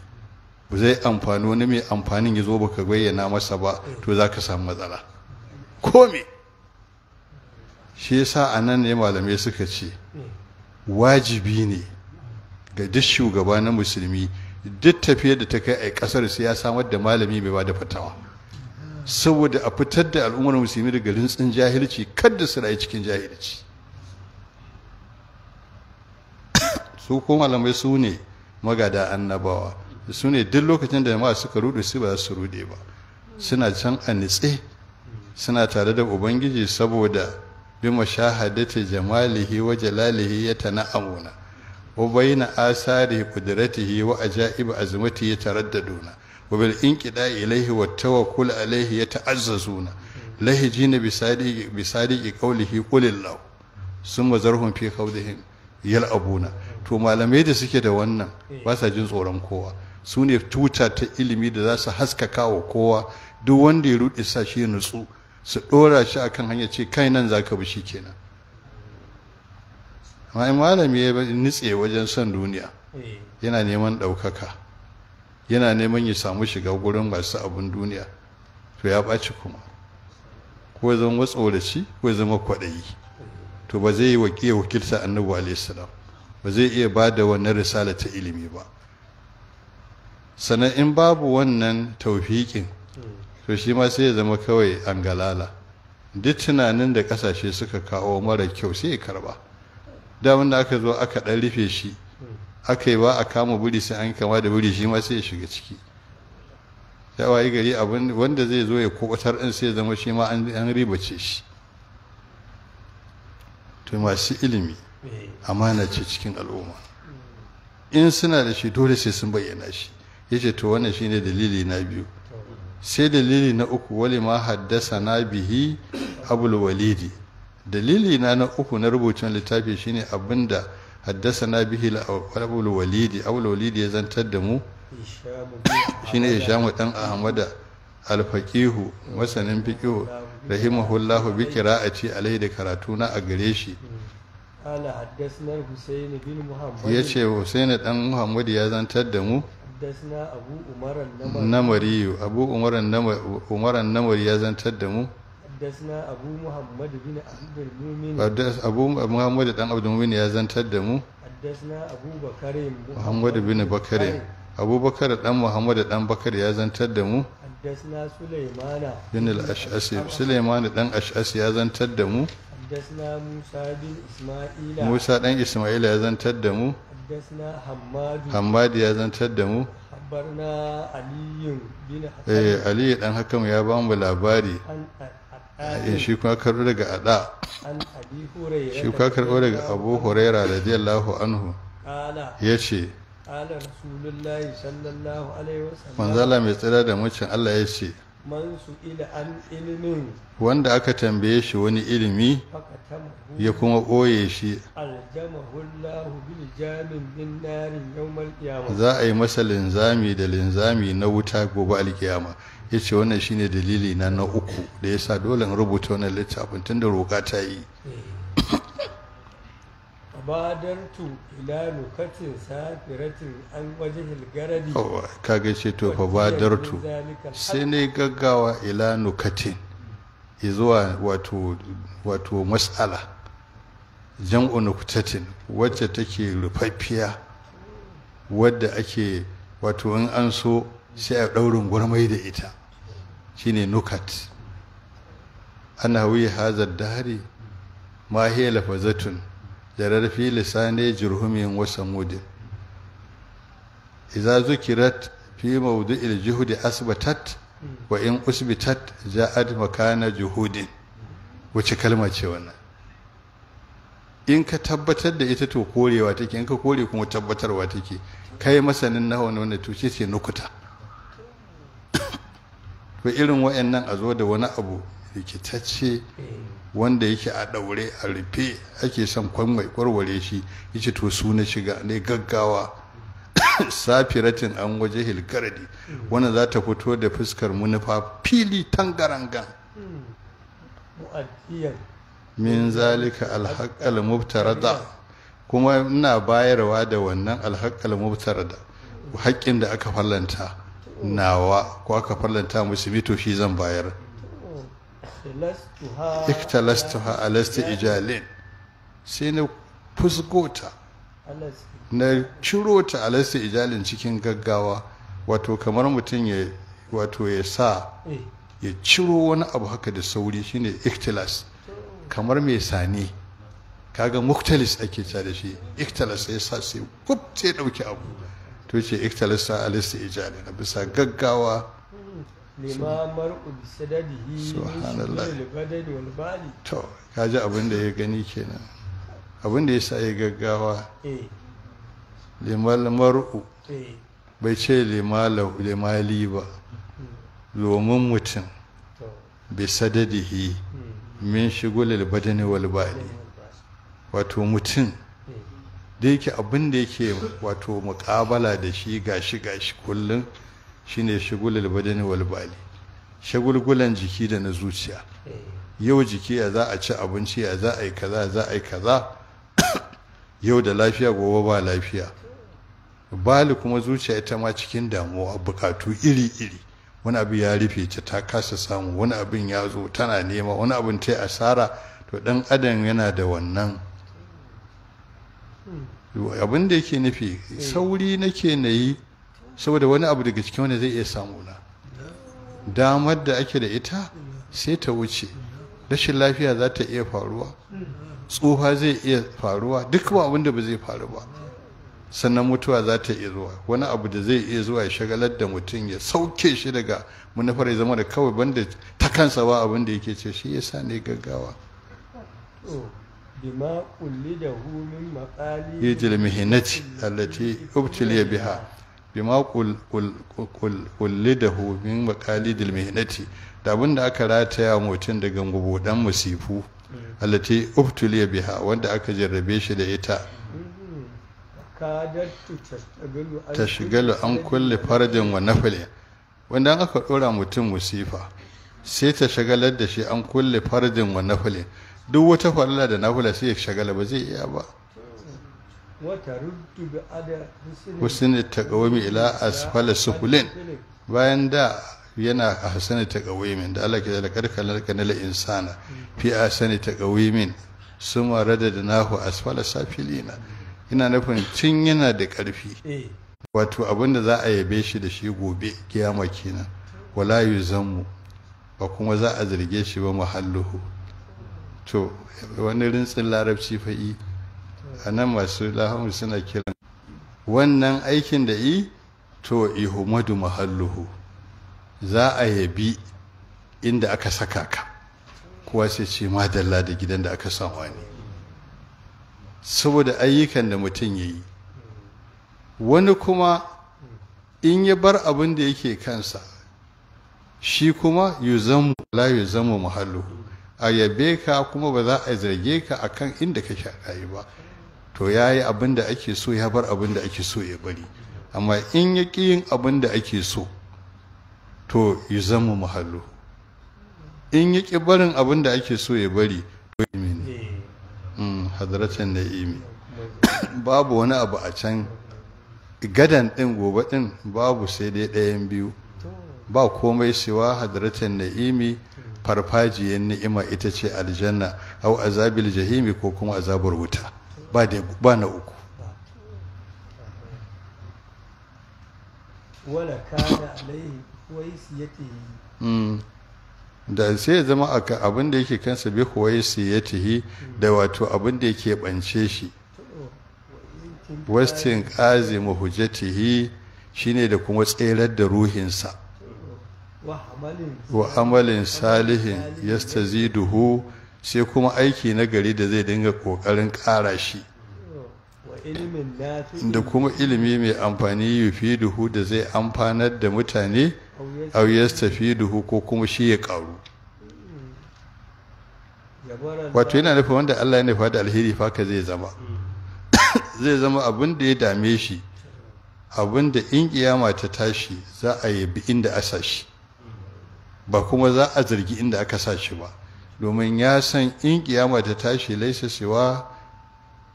ba zai amfani wani mai amfanin ya zo ba ka bayyana masa ba to za ka samu matsala ko me shi yasa a nan ne malamai suka ce wajibi ne ga duk shugaba na musulmi duk tafiyar da ta kai a ƙasar su ya samar da malami mai ba da fatawa saboda a fitar da al'ummar musulmi daga rintsin jahilci kadda su rayu cikin jahilci su ko malamai su ne magada annabawa su ne duk lokacin da jama'a suka rude su ba su rude ba suna can a nitse suna tare da ubangiji saboda bi mashahadati jamalihi wa jalalihi ya tana'amuna wa bayna asari qudratihi wa ajaib azmatihi yataraddaduna wa bil inqida ilayhi wa tawakkul alayhi yata'azzazuna lahijina bi sadiqi bi sadiqi qawlihi qulillahu summa zarhum fi qawlihim yal'abuna to malamai da suke da wannan ba sa jin tsoron kowa su ne tuta ta ilimi da za su haskaka wa kowa duk wanda ya ruɗe sa shi nutsu su ɗora shi akan hanya ce kai nan zaka bi shi kenan amma malami ya nitse wajen son duniya eh. yana neman ɗaukaka yana neman ya samu shiga gurin masu abin duniya to ya ɓaci kuma ko zama tsoraci ko zama kwaɗayi to ba zai yi wakilta annabi alaihissalam ba zai iya ba da wannan risala ta ilimi ba sannan in babu wannan taufiƙin to shi ma sai ya zama kawai an galala duk tunanin da ƙasashe suka kawo mara kyau sai ya karba da wanda aka zo aka ɗan rufe shi aka yi ba a kama buri sai an kama da buri shi ma sai ya shiga ciki ya wayi gari abin wanda zai zo ya kubutar in sai zama shi ma an ribace shi to masu ilimi eh. amana ce cikin al'umma in suna da shi dole sai sun bayyana shi ya ce to wannan shine dalili na biyu sai dalili na uku wali ma haddasa na bihi abul walidi dalili na na uku na rubutun littafi shine abinda da haddasana bihi al-abul walidi abul ya zantar da mu shine ishamu dan ahmada al-faqihu masanin fiqihu rahimahullahu bi qira'ati alayhi da karatu a gare shi قال حدثنا حسين بن محمد يشي da mu حدثنا ابو عمر النمري نمري ya zantar da mu Haddasna Abu Muhammad bin Abd mumin ya zantar da mu. Haddasna Abu Bakar Muhammad bin ɗan Bakar ya zantar da mu. Haddasna Sulaiman ɗan ashasi ya zantar da mu. Musa ɗan Isma'il ya zantar da mu. Haddasna ya zantar da mu. Aliyu Eh, Aliyu dan ya bamu labari. Eh, shi kuma karɓo daga ada shi kuma karo daga abu huraira radiyallahu anhu ya ce manzala mai tsira da mucin allah ya ce wanda aka tambaye shi wani ilimi ya kuma ɓoye shi za a yi masa linzami da linzami na wuta gobe alkiyama ya ce wannan shine dalili na na uku da ya sa dole rubuta wannan littafin tun da roƙa ta yi badartu ila kaga ce to fa badartu sai ne gaggawa ila nukatin zuwa wato matsala mas'ala jam'u nuktatin wacce take rufaffiya wadda ake wato in an so sai a ɗaurin gurmai da ita shine nukat ana wuyi hazar hari ma hiya lafazatun jarar fi lisane jirhumin wasa mudin Iza zukirat fi maudu il juhudi asbatat wa in usbitat ja'at makana juhudin wace kalma ce wannan in ka tabbatar da ita to korewa take in ka kore kuma tabbatarwa take kai masanin wani wannan to ce nukuta to irin wayannan a zo da wani abu rikitacce wanda yake a ɗaure a rufe ake son kwanwai kwarware shi yace to su na shiga ne gaggawa safiratin an waje hilgaradi wanda za ta fito da fuskar munufa fili tangarangan min zalika alhaƙal mubtarada kuma ina bayarwa da wannan alhaƙal mubtarada haƙƙin da aka fallanta nawa ko aka fallanta musu mito shi zan bayar iktalastuha alasti ijalin sai na fuskota na ciro ta alasti ijalin cikin gaggawa wato kamar mutum ya wato ya sa ya ciro wani abu haka da sauri shine iktilas kamar mai sani kaga muktalis ake ta da shi iktilas ya sa sai kuf sai dauki abu to ce iktalasa alisa ijali na bisa gaggawa limamar ubisadadihi subhanallah to kaji abin da ya gani kenan abin da ya sa ya gaggawa eh. limal mar'u eh. bai ce limali ba domin mutum bi sadadihi hmm. min shigulil badani wal bali wato mutum da yake abin da yake wato muƙabala da shi gashi gashi kullum shine shagulul badani wal bali shagulgulan jiki da na zuciya eh. yau jiki ya za a ci abinci ya za a yi kaza za a yi kaza yau da lafiya gobe ba lafiya bali kuma zuciya ita ma cikin damuwa bukatu iri-iri wani abu ya rufe ta ta kasa samu wani abin ya zo tana nema wani abin ta yi asara to dan adam yana da wannan abin da yake nufi sauri nake na yi saboda wani abu daga cikin wani zai iya samuna. damar da ake da ita sai ta wuce rashin lafiya za ta iya faruwa Tsoha zai iya faruwa duk ba abin da ba zai faru ba sannan mutuwa za ta iya zuwa wani abu da zai iya zuwa ya shagalar da mutum ya sauke shi daga manufar ya zama da kawai banda ta kansa ba abin yake ce shi ya sa ne gaggawa oh. بما قلده من مقاليد المهنة التي ابتلي بها بما قل قل قل قلده من مقاليد المهنة da abin da aka rataya mutum daga gubudan musifu allati ubtuliya biha wanda aka jarrabe shi da ita ta shigalu an kulle farajin wa nafali wanda an aka dora mutum musifa sai ta shagalar da shi an kulle farajin wa nafali duk wata falala da nafila sai ya shagala ba zai iya ba ta kawai ila asfala sufulin bayan da yana a hasani min, da Allah ke da karkalar kanal insana fi asani taqawimin suma radadnahu asfala safilina ina nufin cin yana da karfi eh. wato abinda za a yabe shi da shi gobe kiyama kenan wala yuzammu ba kuma za a zarge shi ba muhalluhu to wani rintsin larabci fa'i a nan masu lahamu suna kiran wannan aikin da yi to ihumadu mahalluhu za a yabi inda aka saka ka Kuwa sai ce madalla da gidan da aka samu ne saboda ayyukan da mutum ya yi wani kuma in ya bar abin da yake kansa shi kuma yuzammu la yuzammu mahalluhu a yabe ka kuma ba za a zarge ka akan inda ka sha ba to ya yi abin da ake so ya bar abin da ake so ya bari amma in ya ƙi yin abin da ake so to yi zama mahallo in ya ƙi barin abin da ake so ya bari to yi mene mm, hadaratan na'imi babu wani abu a can gadan ɗin gobe ɗin babu sai dai ɗayan biyu ba komai siwa hadaratan na'imi farfajiyar ni'ima ita ce aljanna au azabil jahimi ko kuma azabar wuta ba da ba na uku hmm. da sai ya zama abin da yake kansa bi tihi, da wato abin da yake bance shi wastin qazi shi shine da kuma tserar da ruhinsa wa amalin salihin yastaziduhu sai kuma aiki na gari da zai dinga kokarin ƙara shi da kuma ilimi mai amfani duhu da zai amfanar da mutane aw duhu ko kuma shi ya ƙaru wato yana nufin wanda Allah ya nufa da alheri faka zai zama zai zama abin da ya dame shi abin da in kiyama ta tashi za a yi bi inda asashi. ba kuma za a zargi inda aka sa shi ba domin ya san in kiyama ta tashi laisa siwa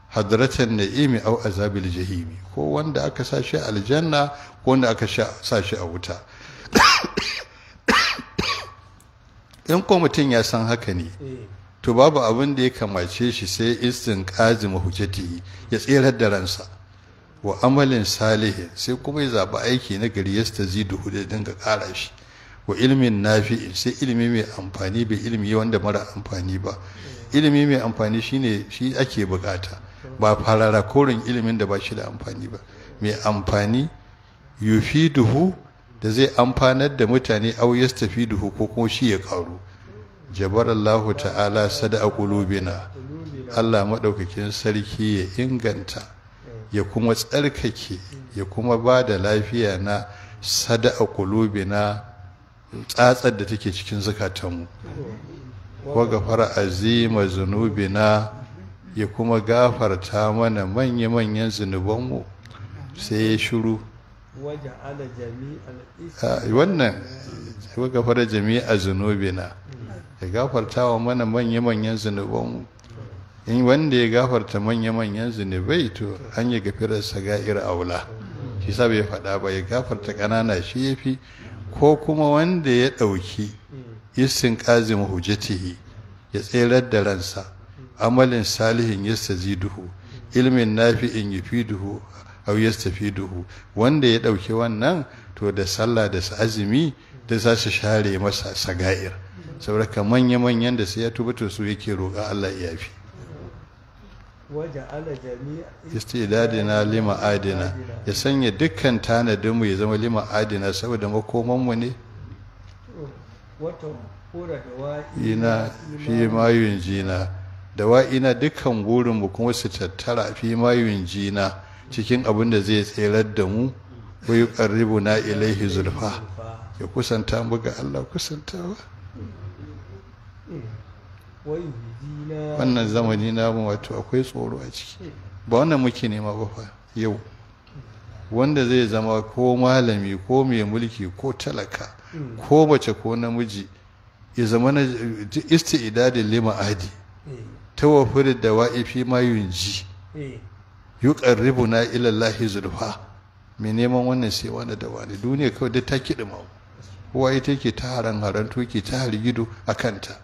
hadratan na'imi au azabil jahimi ko wanda aka sa shi aljanna ko wanda aka sa shi a wuta in ko mutum ya san haka ne to babu abin da ya kamace shi sai istin kazi mahujjati ya tserar da ransa wa amalin salihin sai kuma ya zaɓi aiki na gari yasta zidu hudu dinga ƙara shi ko ilmin nafi sai ilimi mai amfani bai ilimi wanda mara amfani ba ilimi mai amfani shine shi ake bukata ba farara korin ilimin da ba shi da amfani ba mai amfani yufiduhu da zai amfanar da mutane au yastafiduhu ko kuma shi ya karu jabarallahu ta'ala sada qulubina Allah maɗaukakin sarki ya inganta ya kuma tsarkake ya kuma ba da lafiya na sada qulubina tsatsar da take cikin zukatanmu wa gafara azima zunubina ya kuma gafarta mana manya-manyan zunubanmu sai ya shiru ah, wannan wa gafara jami'a zunubina ya gafarta wa mana manya-manyan zunubanmu in wanda ya gafarta manya-manyan zunubai to an yi gafirar saga'ir aula shi sa bai faɗa ba ya gafarta ƙanana shi ya fi ko kuma wanda ya ɗauki Isin ƙazi hujjatihi ya tserar da ransa amalin salihin yasta ziduhu ilmin nafi'in yi au duhu wanda ya ɗauki wannan to da sallah da su azumi da za su share masa saga'ir saboda manya-manyan da su ya tuba to su yake roƙa Allah ya yafi istidadina lima adina ya sanya dukkan tanadinmu ya zama lima adina saboda makomanmu ne ina fi mayun jina da wa'ina dukkan burinmu kuma su tattara fi mayun jina cikin abin da zai tserar da mu ko yi ƙarribu na ilaihi zulfa ya kusanta mu ga Allah kusantawa. Eh, wannan zamani namu wato akwai tsoro a ciki ba wannan muke nema ba fa yau wanda zai zama ko malami ko mai mulki ko talaka ko mace ko namiji ya zama na idadin lima adi ta wafirin da wa'ifi ma yunji yuqarribu na ilallahi zulfa mai neman wannan sai wani da wani duniya kawai da ta kiɗima kowa ita ke ta haran haran to ke ta hargido a kanta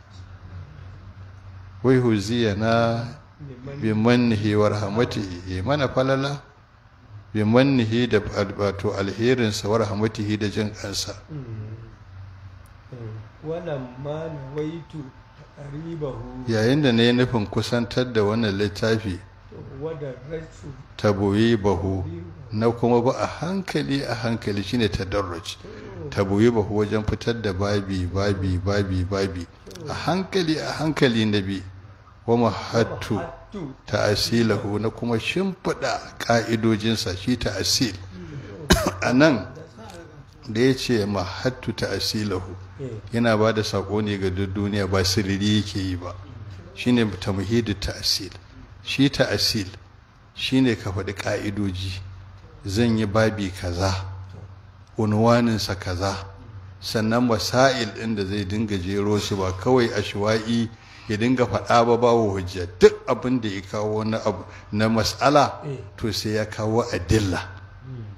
wai huziya na bimannihi wa rahmatihi mana falala bimannihi da wato alherinsa wa rahmatihi da jin kansa wannan ma nawaitu yayin da na nufin kusantar da wannan littafi ta bahu na kuma ba a hankali a hankali shine tadarruj ta bahu wajen fitar da babi babi babi babi a hankali a hankali na wa mahattu ta'asilahu na kuma shimfiɗa ƙa'idojinsa shi ta'asil a nan da ya ce mahattu ta'asilahu yana ba da saƙo ne ga duk duniya ba siriri yake yi ba shine tamhidu ta'asil shi ta'asil shine ka faɗi ƙa'idoji zan yi babi kaza unwaninsa kaza sannan wasa'il ɗin da zai dinga jero su ba kawai ashwa'i ya dinga faɗa ba bawo hujja duk abin da ya kawo na abu na mas'ala eh. to sai ya kawo adilla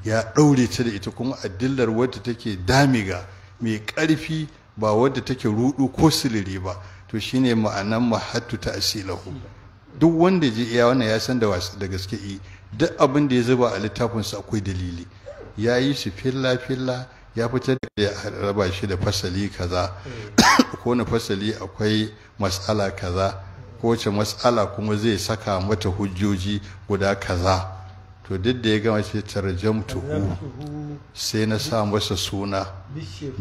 ya ɗaure ta da ita kuma adillar wadda take damiga mai ƙarfi ba wadda take rudu ko siliri ba to shine ma'anan mahattu ta asilahu duk wanda ji iya wannan ya san da wasu da gaske yi eh. duk abin da ya zuba a littafin sa akwai dalili ya yi shi filla filla ya fitar da ya raba shi da fasali kaza eh. ko na fasali akwai matsala kaza ko kowace mas'ala kuma zai saka mata hujjoji guda kaza to duk da ya gama ce tarjam tuhu sai na sa masa suna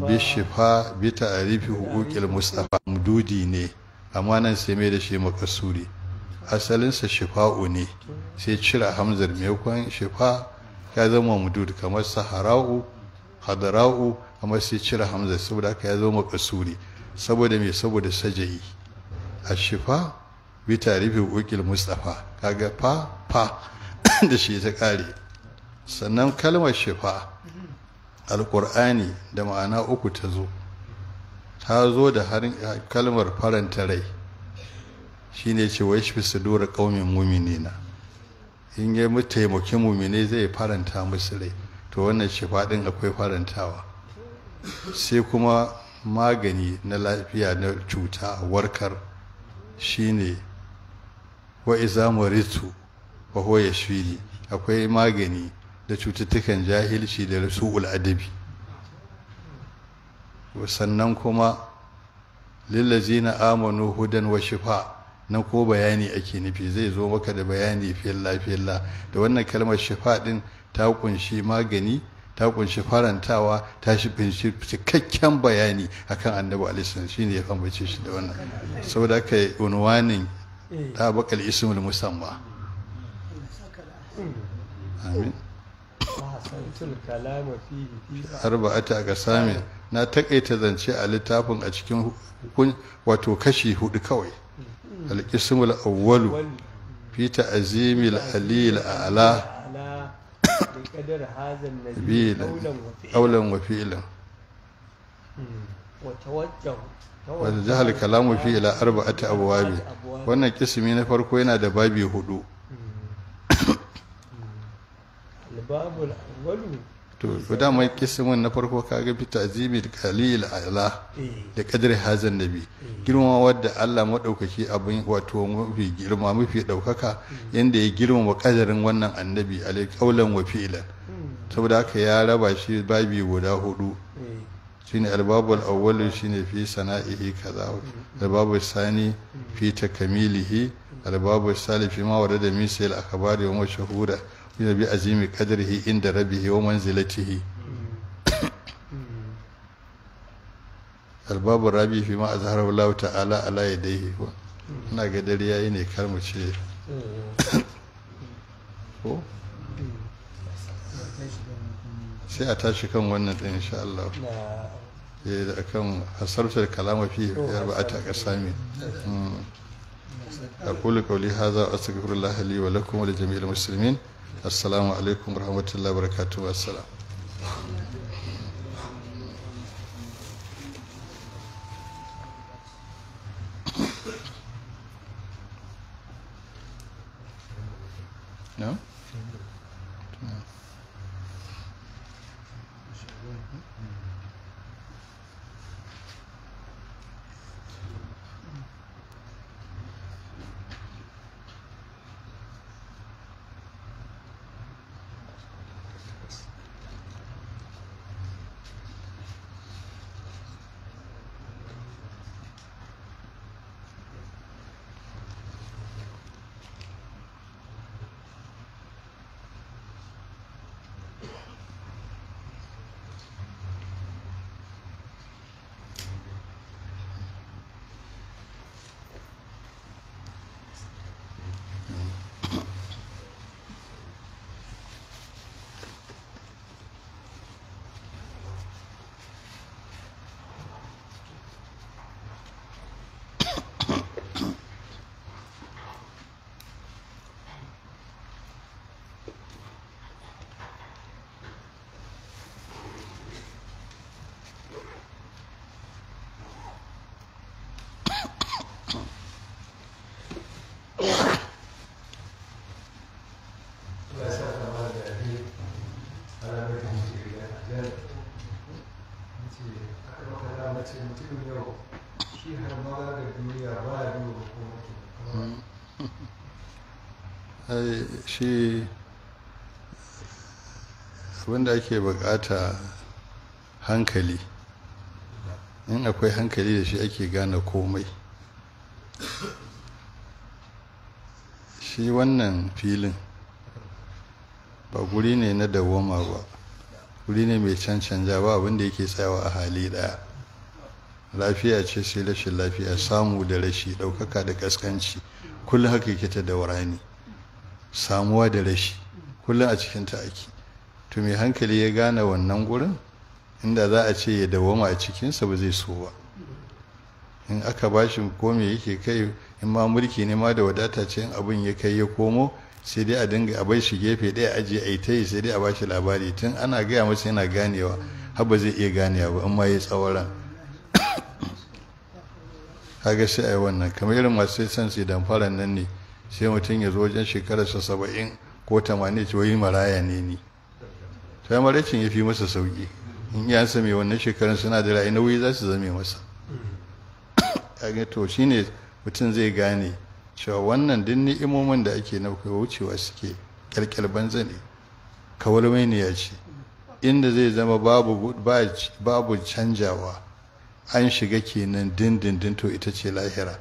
bishifa bi ta'arifi hukukil mustafa mududi ne amma nan sai mai da shi makasuri asalinsa shifa'u ne sai cira hamzar maimakon shifa ya zama mudud kamar sahara'u hadara'u amma sai cira hamzar saboda haka ya zama makasuri saboda me saboda sajayi ashifa bi tarifi ukil mustafa kaga fa fa da shi ta kare sannan kalmar shifa alkur'ani da ma'ana uku ta zo ta zo da kalmar faranta rai shi ne ce wai shi su dora ƙaumin na in yi mataimakin mumine zai faranta musu rai to wannan shifa ɗin akwai farantawa sai kuma magani na lafiya na cuta warkar shine wa iza maritu wa huwa akwai magani da cututtukan jahilci da rasu'ul adabi sannan kuma lillazina amanu hudan wa shifa na ko bayani ake nufi zai zo maka da bayani filla filla da wannan kalmar shifa din ta kunshi magani ta kunshi farantawa ta shi cikakken bayani akan annabi shi ne ya fambace shi da wannan saboda yi unwanin eh. ta bakal ismul musamma amin arba'ata a kasami na takaita zance a littafin a cikin wato kashi hudu kawai alƙismul awwalu fi ta'azimil alil a'la kadar hazan nabi qawlan wa wa tawajjahu jihar kalamu wannan kismi na farko yana da babi hudu to guda mai kisimin na farko kaga bi da kalil ala eh. da qadri hazan nabi eh. girma wadda Allah madaukaki abin wato mafi girma mafi daukaka hmm. yanda ya girma wa kadarin wannan annabi alai qaulan wa fi'lan hmm. saboda haka ya raba shi babi guda hudu eh. shine albabul awwal shine fi sana'ihi kaza hmm. albabul sani fi takamilihi albabul salif ma da misal akbari wa mashhura shine bi azimi qadrihi inda rabihi wa manzilatihi albabu rabi fi ma a Allah ta'ala ala yadayhi ko ina ga dare yayi ne kar sai a tashi kan wannan din insha Allah eh da kan hasarfar kalama fi هذا وأستغفر الله لي ولكم ولجميع المسلمين assalamu alaikum rahmatullahi barakatuhu assalam shi abinda ake bukata hankali in akwai hankali da shi ake gane komai shi wannan filin ba guri ne na dawoma ba guri ne mai cancanja ba abinda yake tsayawa a hali daya lafiya ce sai rashin lafiya samu da rashi ɗaukaka da ƙasƙanci kullum haka yake ta daura ne samuwa da rashi kullum a cikin ta ake to mai hankali ya gane wannan gurin inda za a ce ya dawoma a cikinsa ba zai so ba in aka bashi ko me yake kai in ma mulki ne ma da wadata ce in abin ya kai ya komo sai dai a dinga a bai shi gefe ɗaya aje a yi ta yi sai dai a ba shi labari tun ana gaya masa yana ganewa har ba zai iya ganewa ba in ma ya tsawara kaga sai a yi wannan kamar irin masu sai son nan ne sai mutum ya zo wajen shekararsa saba'in ko tamanin ce wai maraya ne ni sai maraicin ya fi masa sauki in iyansa mai wannan shekarar suna da ra'ayi nauyi za su zame masa mm. ga to shi ne mutum zai gane cewa wannan duk ni'imomin da ake nauka wucewa suke kyalkyal banza ne Kawar ne ya ce inda zai zama babu babu canjawa an shiga kenan dindindin to ita ce lahira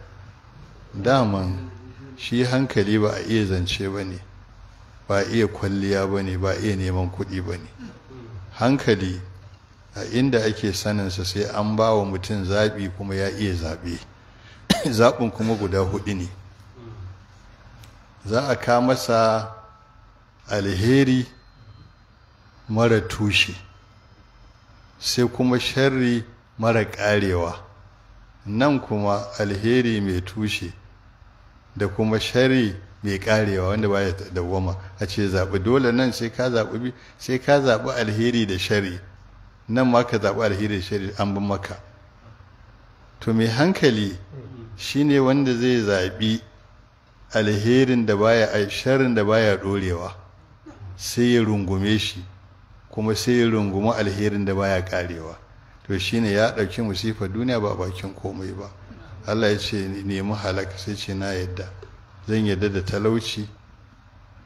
daman shi hankali ba a iya zance ba ne ba a iya kwalliya ba ne ba a iya neman kuɗi ba ne hankali a inda ake saninsa sai an ba wa mutum zaɓi kuma ya iya zaɓe zaɓin kuma guda huɗu ne za a ka masa alheri mara tushe sai kuma sharri mara ƙarewa nan kuma alheri mai tushe da kuma shari mai karewa wanda baya dawwama a ce zaɓi dole nan sai ka zaɓi bi sai ka zaɓi alheri da shari nan ma ka zaɓi alheri da shari an bi maka to mai hankali shine wanda zai zaɓi alherin da baya sharrin da baya ɗorewa sai ya rungume shi kuma sai ya rungumi alherin da baya karewa to shine ya ɗauki musifa duniya ba bakin komai ba Allah ya ce nemi halak sai ce na yadda zan yadda da talauci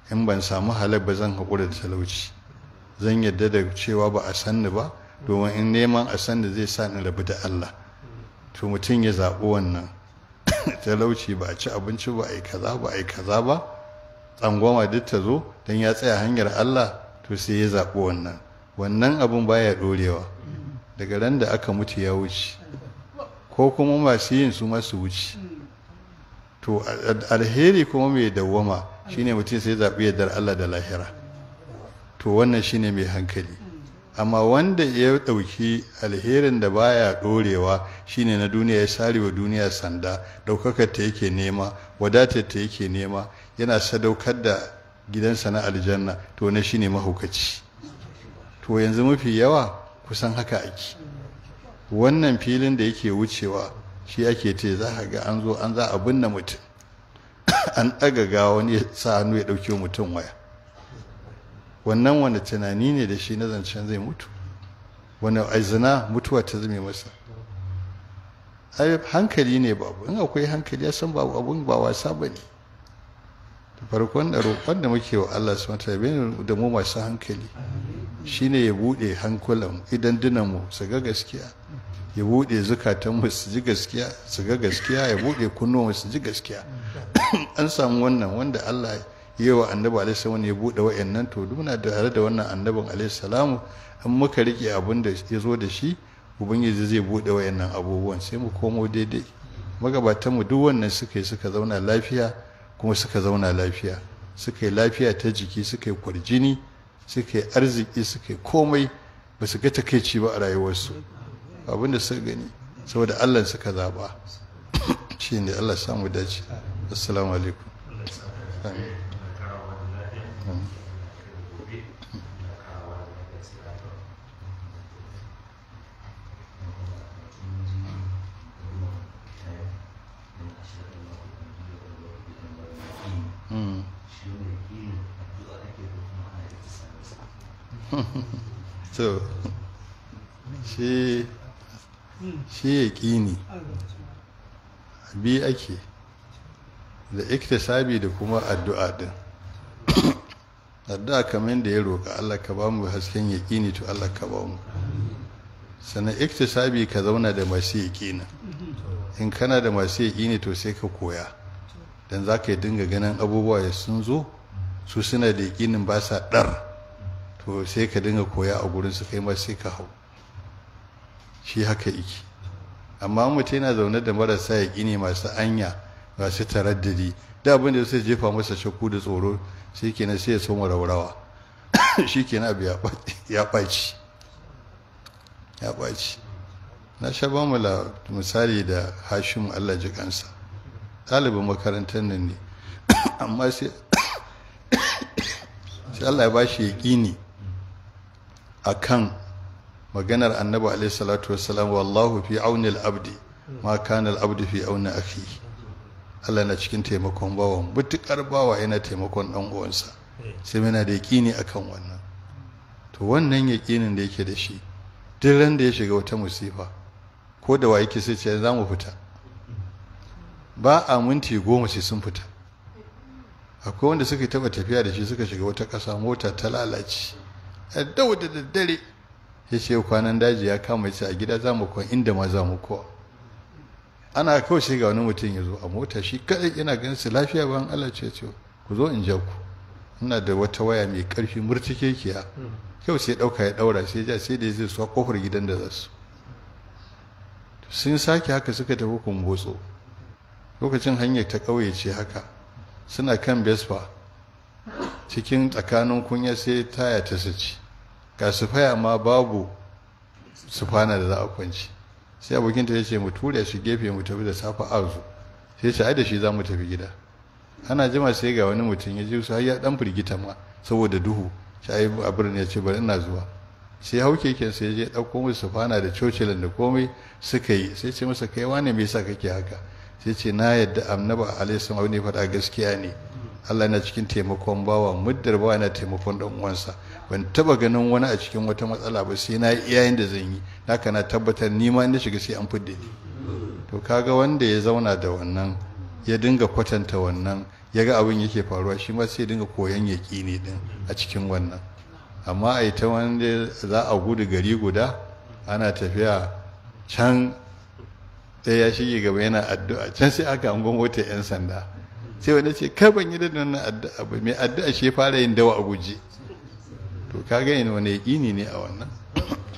in ban samu halak ba zan haƙura da talauci zan yadda da cewa ba a sanni ba domin in neman a sanni zai sa ni rabu da Allah to mutum ya zaɓi wannan talauci ba a ci abinci ba a yi kaza ba a yi kaza ba tsangoma duk ta zo don ya tsaya hanyar Allah to sai ya zaɓi wannan wannan abin baya ɗorewa daga ran da aka mutu ya wuce ko kuma masu yin su masu wuce to alheri kuma mai dawwama shine mutum sai zaɓi yadda Allah da lahira to wannan shine mai hankali amma wanda ya ɗauki alherin da baya ɗorewa shine na duniya ya sare wa duniya sanda ɗaukakar ta yake nema wadatar ta yake nema yana sadaukar da gidansa na aljanna to na shine mahaukaci to yanzu mafi yawa kusan haka ake wannan filin da yake wucewa shi ake ce za a ga an zo an za a binne mutum an ɗaga ga wani sa hannu ya ɗauke mutum waya wannan wani tunani ne da shi na zancen zai mutu wani aizina mutuwa ta zame masa hankali ne babu in akwai hankali ya san babu abun ba wasa ba ne farkon da roƙon da muke wa Allah su mata da mu masu hankali shine ya buɗe hankulan idan mu su ga gaskiya ya buɗe zukatanmu su ji gaskiya su ga gaskiya ya buɗe mu su ji gaskiya an samu wannan wanda Allah yi wa annabi alaihi salamu ya buɗe wa'annan to muna tare da wannan annabin alaihi salamu in muka rike abin da ya zo da shi ubangiji zai buɗe wa'annan abubuwan sai mu komo daidai magabatanmu duk wannan suka yi suka zauna lafiya kuma suka zauna lafiya suka yi lafiya ta jiki suka yi kwarjini suka yi arziki suka yi komai ba su ga takaici ba a rayuwarsu abinda suka gani saboda allah suka zaba shi ne allah samu dace assalamu alaikum so shi shi ya ƙini bi ake da iktisabi da kuma addu'a din addu'a kamar da ya roƙa Allah ka ba mu hasken yaƙini to Allah ka ba mu sannan iktisabi ka zauna da masu yaƙini in kana da masu yaƙini to sai ka koya dan za ka yi dinga ganin abubuwa ya sun zo su suna da yaƙinin ba sa ɗar to sai ka dinga koya a gurin su kai ma sai ka hau shi haka yake amma mutum yana zaune da marasa ya yaƙini masu anya masu taraddadi da abin da sai jefa masa shakku da tsoro sai kenan sai ya soma raurawa shi kenan abu ya ɓaci ya ɓaci na sha ba mu misali da hashim allah ji kansa ɗalibin makarantar nan ne amma sai allah ya ba shi ya yaƙini akan maganar annabi alaihi salatu wassalam wallahu fi aunil abdi ma kana al fi auni akhi Allah na cikin taimakon bawa mutukar bawa yana taimakon dan uwansa sai yana da yakini akan wannan to wannan yakinin da yake da shi duk ran da ya shiga wata musifa ko da waye ke sai ce za mu fita ba a minti goma sai sun fita akwai wanda suka taba tafiya da shi suka shiga wata ƙasa mota ta lalace Eh, dawo da daddare ya ce kwanan daji ya kama ce a gida za mu kwan inda ma za mu kowa ana kawai shi ga wani mutum ya zo a mota shi kaɗai yana ganin su lafiya ban Allah ce ce ku zo in ja ku ina da wata waya mai karfi murtikekiya kyau sai ɗauka ya ɗaura sai ja sai da ya zai suwa kofar gidan da za su sun sake haka suka tafi kumbotso lokacin hanyar ta kauye ce haka suna kan besfa cikin tsakanin kunya sai taya ta saci ga sufaya ma babu sufana da za a kwanci sai abokin ya ce mu tura shi gefe mu tafi da safa arzu sai ce ai da shi za mu tafi gida ana jima sai ga wani mutum ya je su har ya dan firgita ma saboda duhu sai a birni ya ce bari ina zuwa sai hau keken sai je ɗauko musu sufana da cocilan da komai suka yi sai ce masa kai wane me yasa kake haka sai ce na yadda annabi alaihi salam ne faɗa gaskiya ne Allah yana cikin taimakon bawa muddar bawa yana taimakon dan uwansa ban taba ganin wani a cikin wata matsala ba sai na iyayen da zan yi haka na tabbatar ni ma inda shiga sai an fidda ni to kaga wanda ya zauna da wannan ya dinga kwatanta wannan ya ga abin yake faruwa shi ma sai dinga koyan ya yaƙini din a cikin wannan amma a ita wanda za a gudu gari guda ana tafiya can ɗaya ya shige gaba yana addu'a can sai aka an gwamnati 'yan sanda sai wani ce kai ban yi da wannan addu'a ba mai addu'a shi fara yin dawa a guje to ka ga wani yaƙini ne a wannan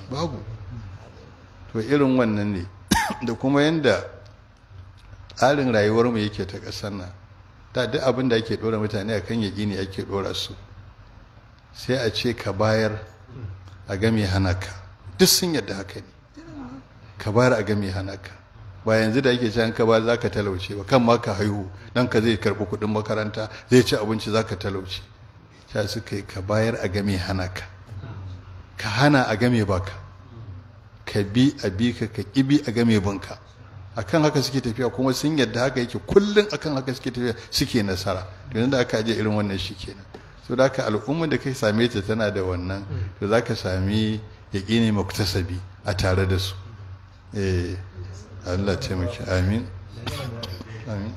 babu to irin wannan ne da kuma yanda tsarin rayuwar mu yake ta ƙasar nan ta duk abin da ake ɗora mutane a kan yaƙini ake ɗora su sai a ce ka bayar a game hana ka duk sun yadda haka ne ka bayar a game hana ka ba yanzu da ake can ka ba za ka talauce ba kan ma ka haihu dan ka zai karɓi kuɗin makaranta zai ci abinci za ka talauce ta suka yi ka bayar a game hana ka ka hana a game baka ka bi a bi ka ka ibi a game binka kan haka suke tafiya kuma sun yadda haka yake kullum kan haka suke tafiya suke nasara domin da aka ajiye irin wannan shi kenan so da al'ummar da kai same ta tana da wannan to za ka sami yaƙi ne maku tasabi a tare da su eh. Allah ce muke amin amin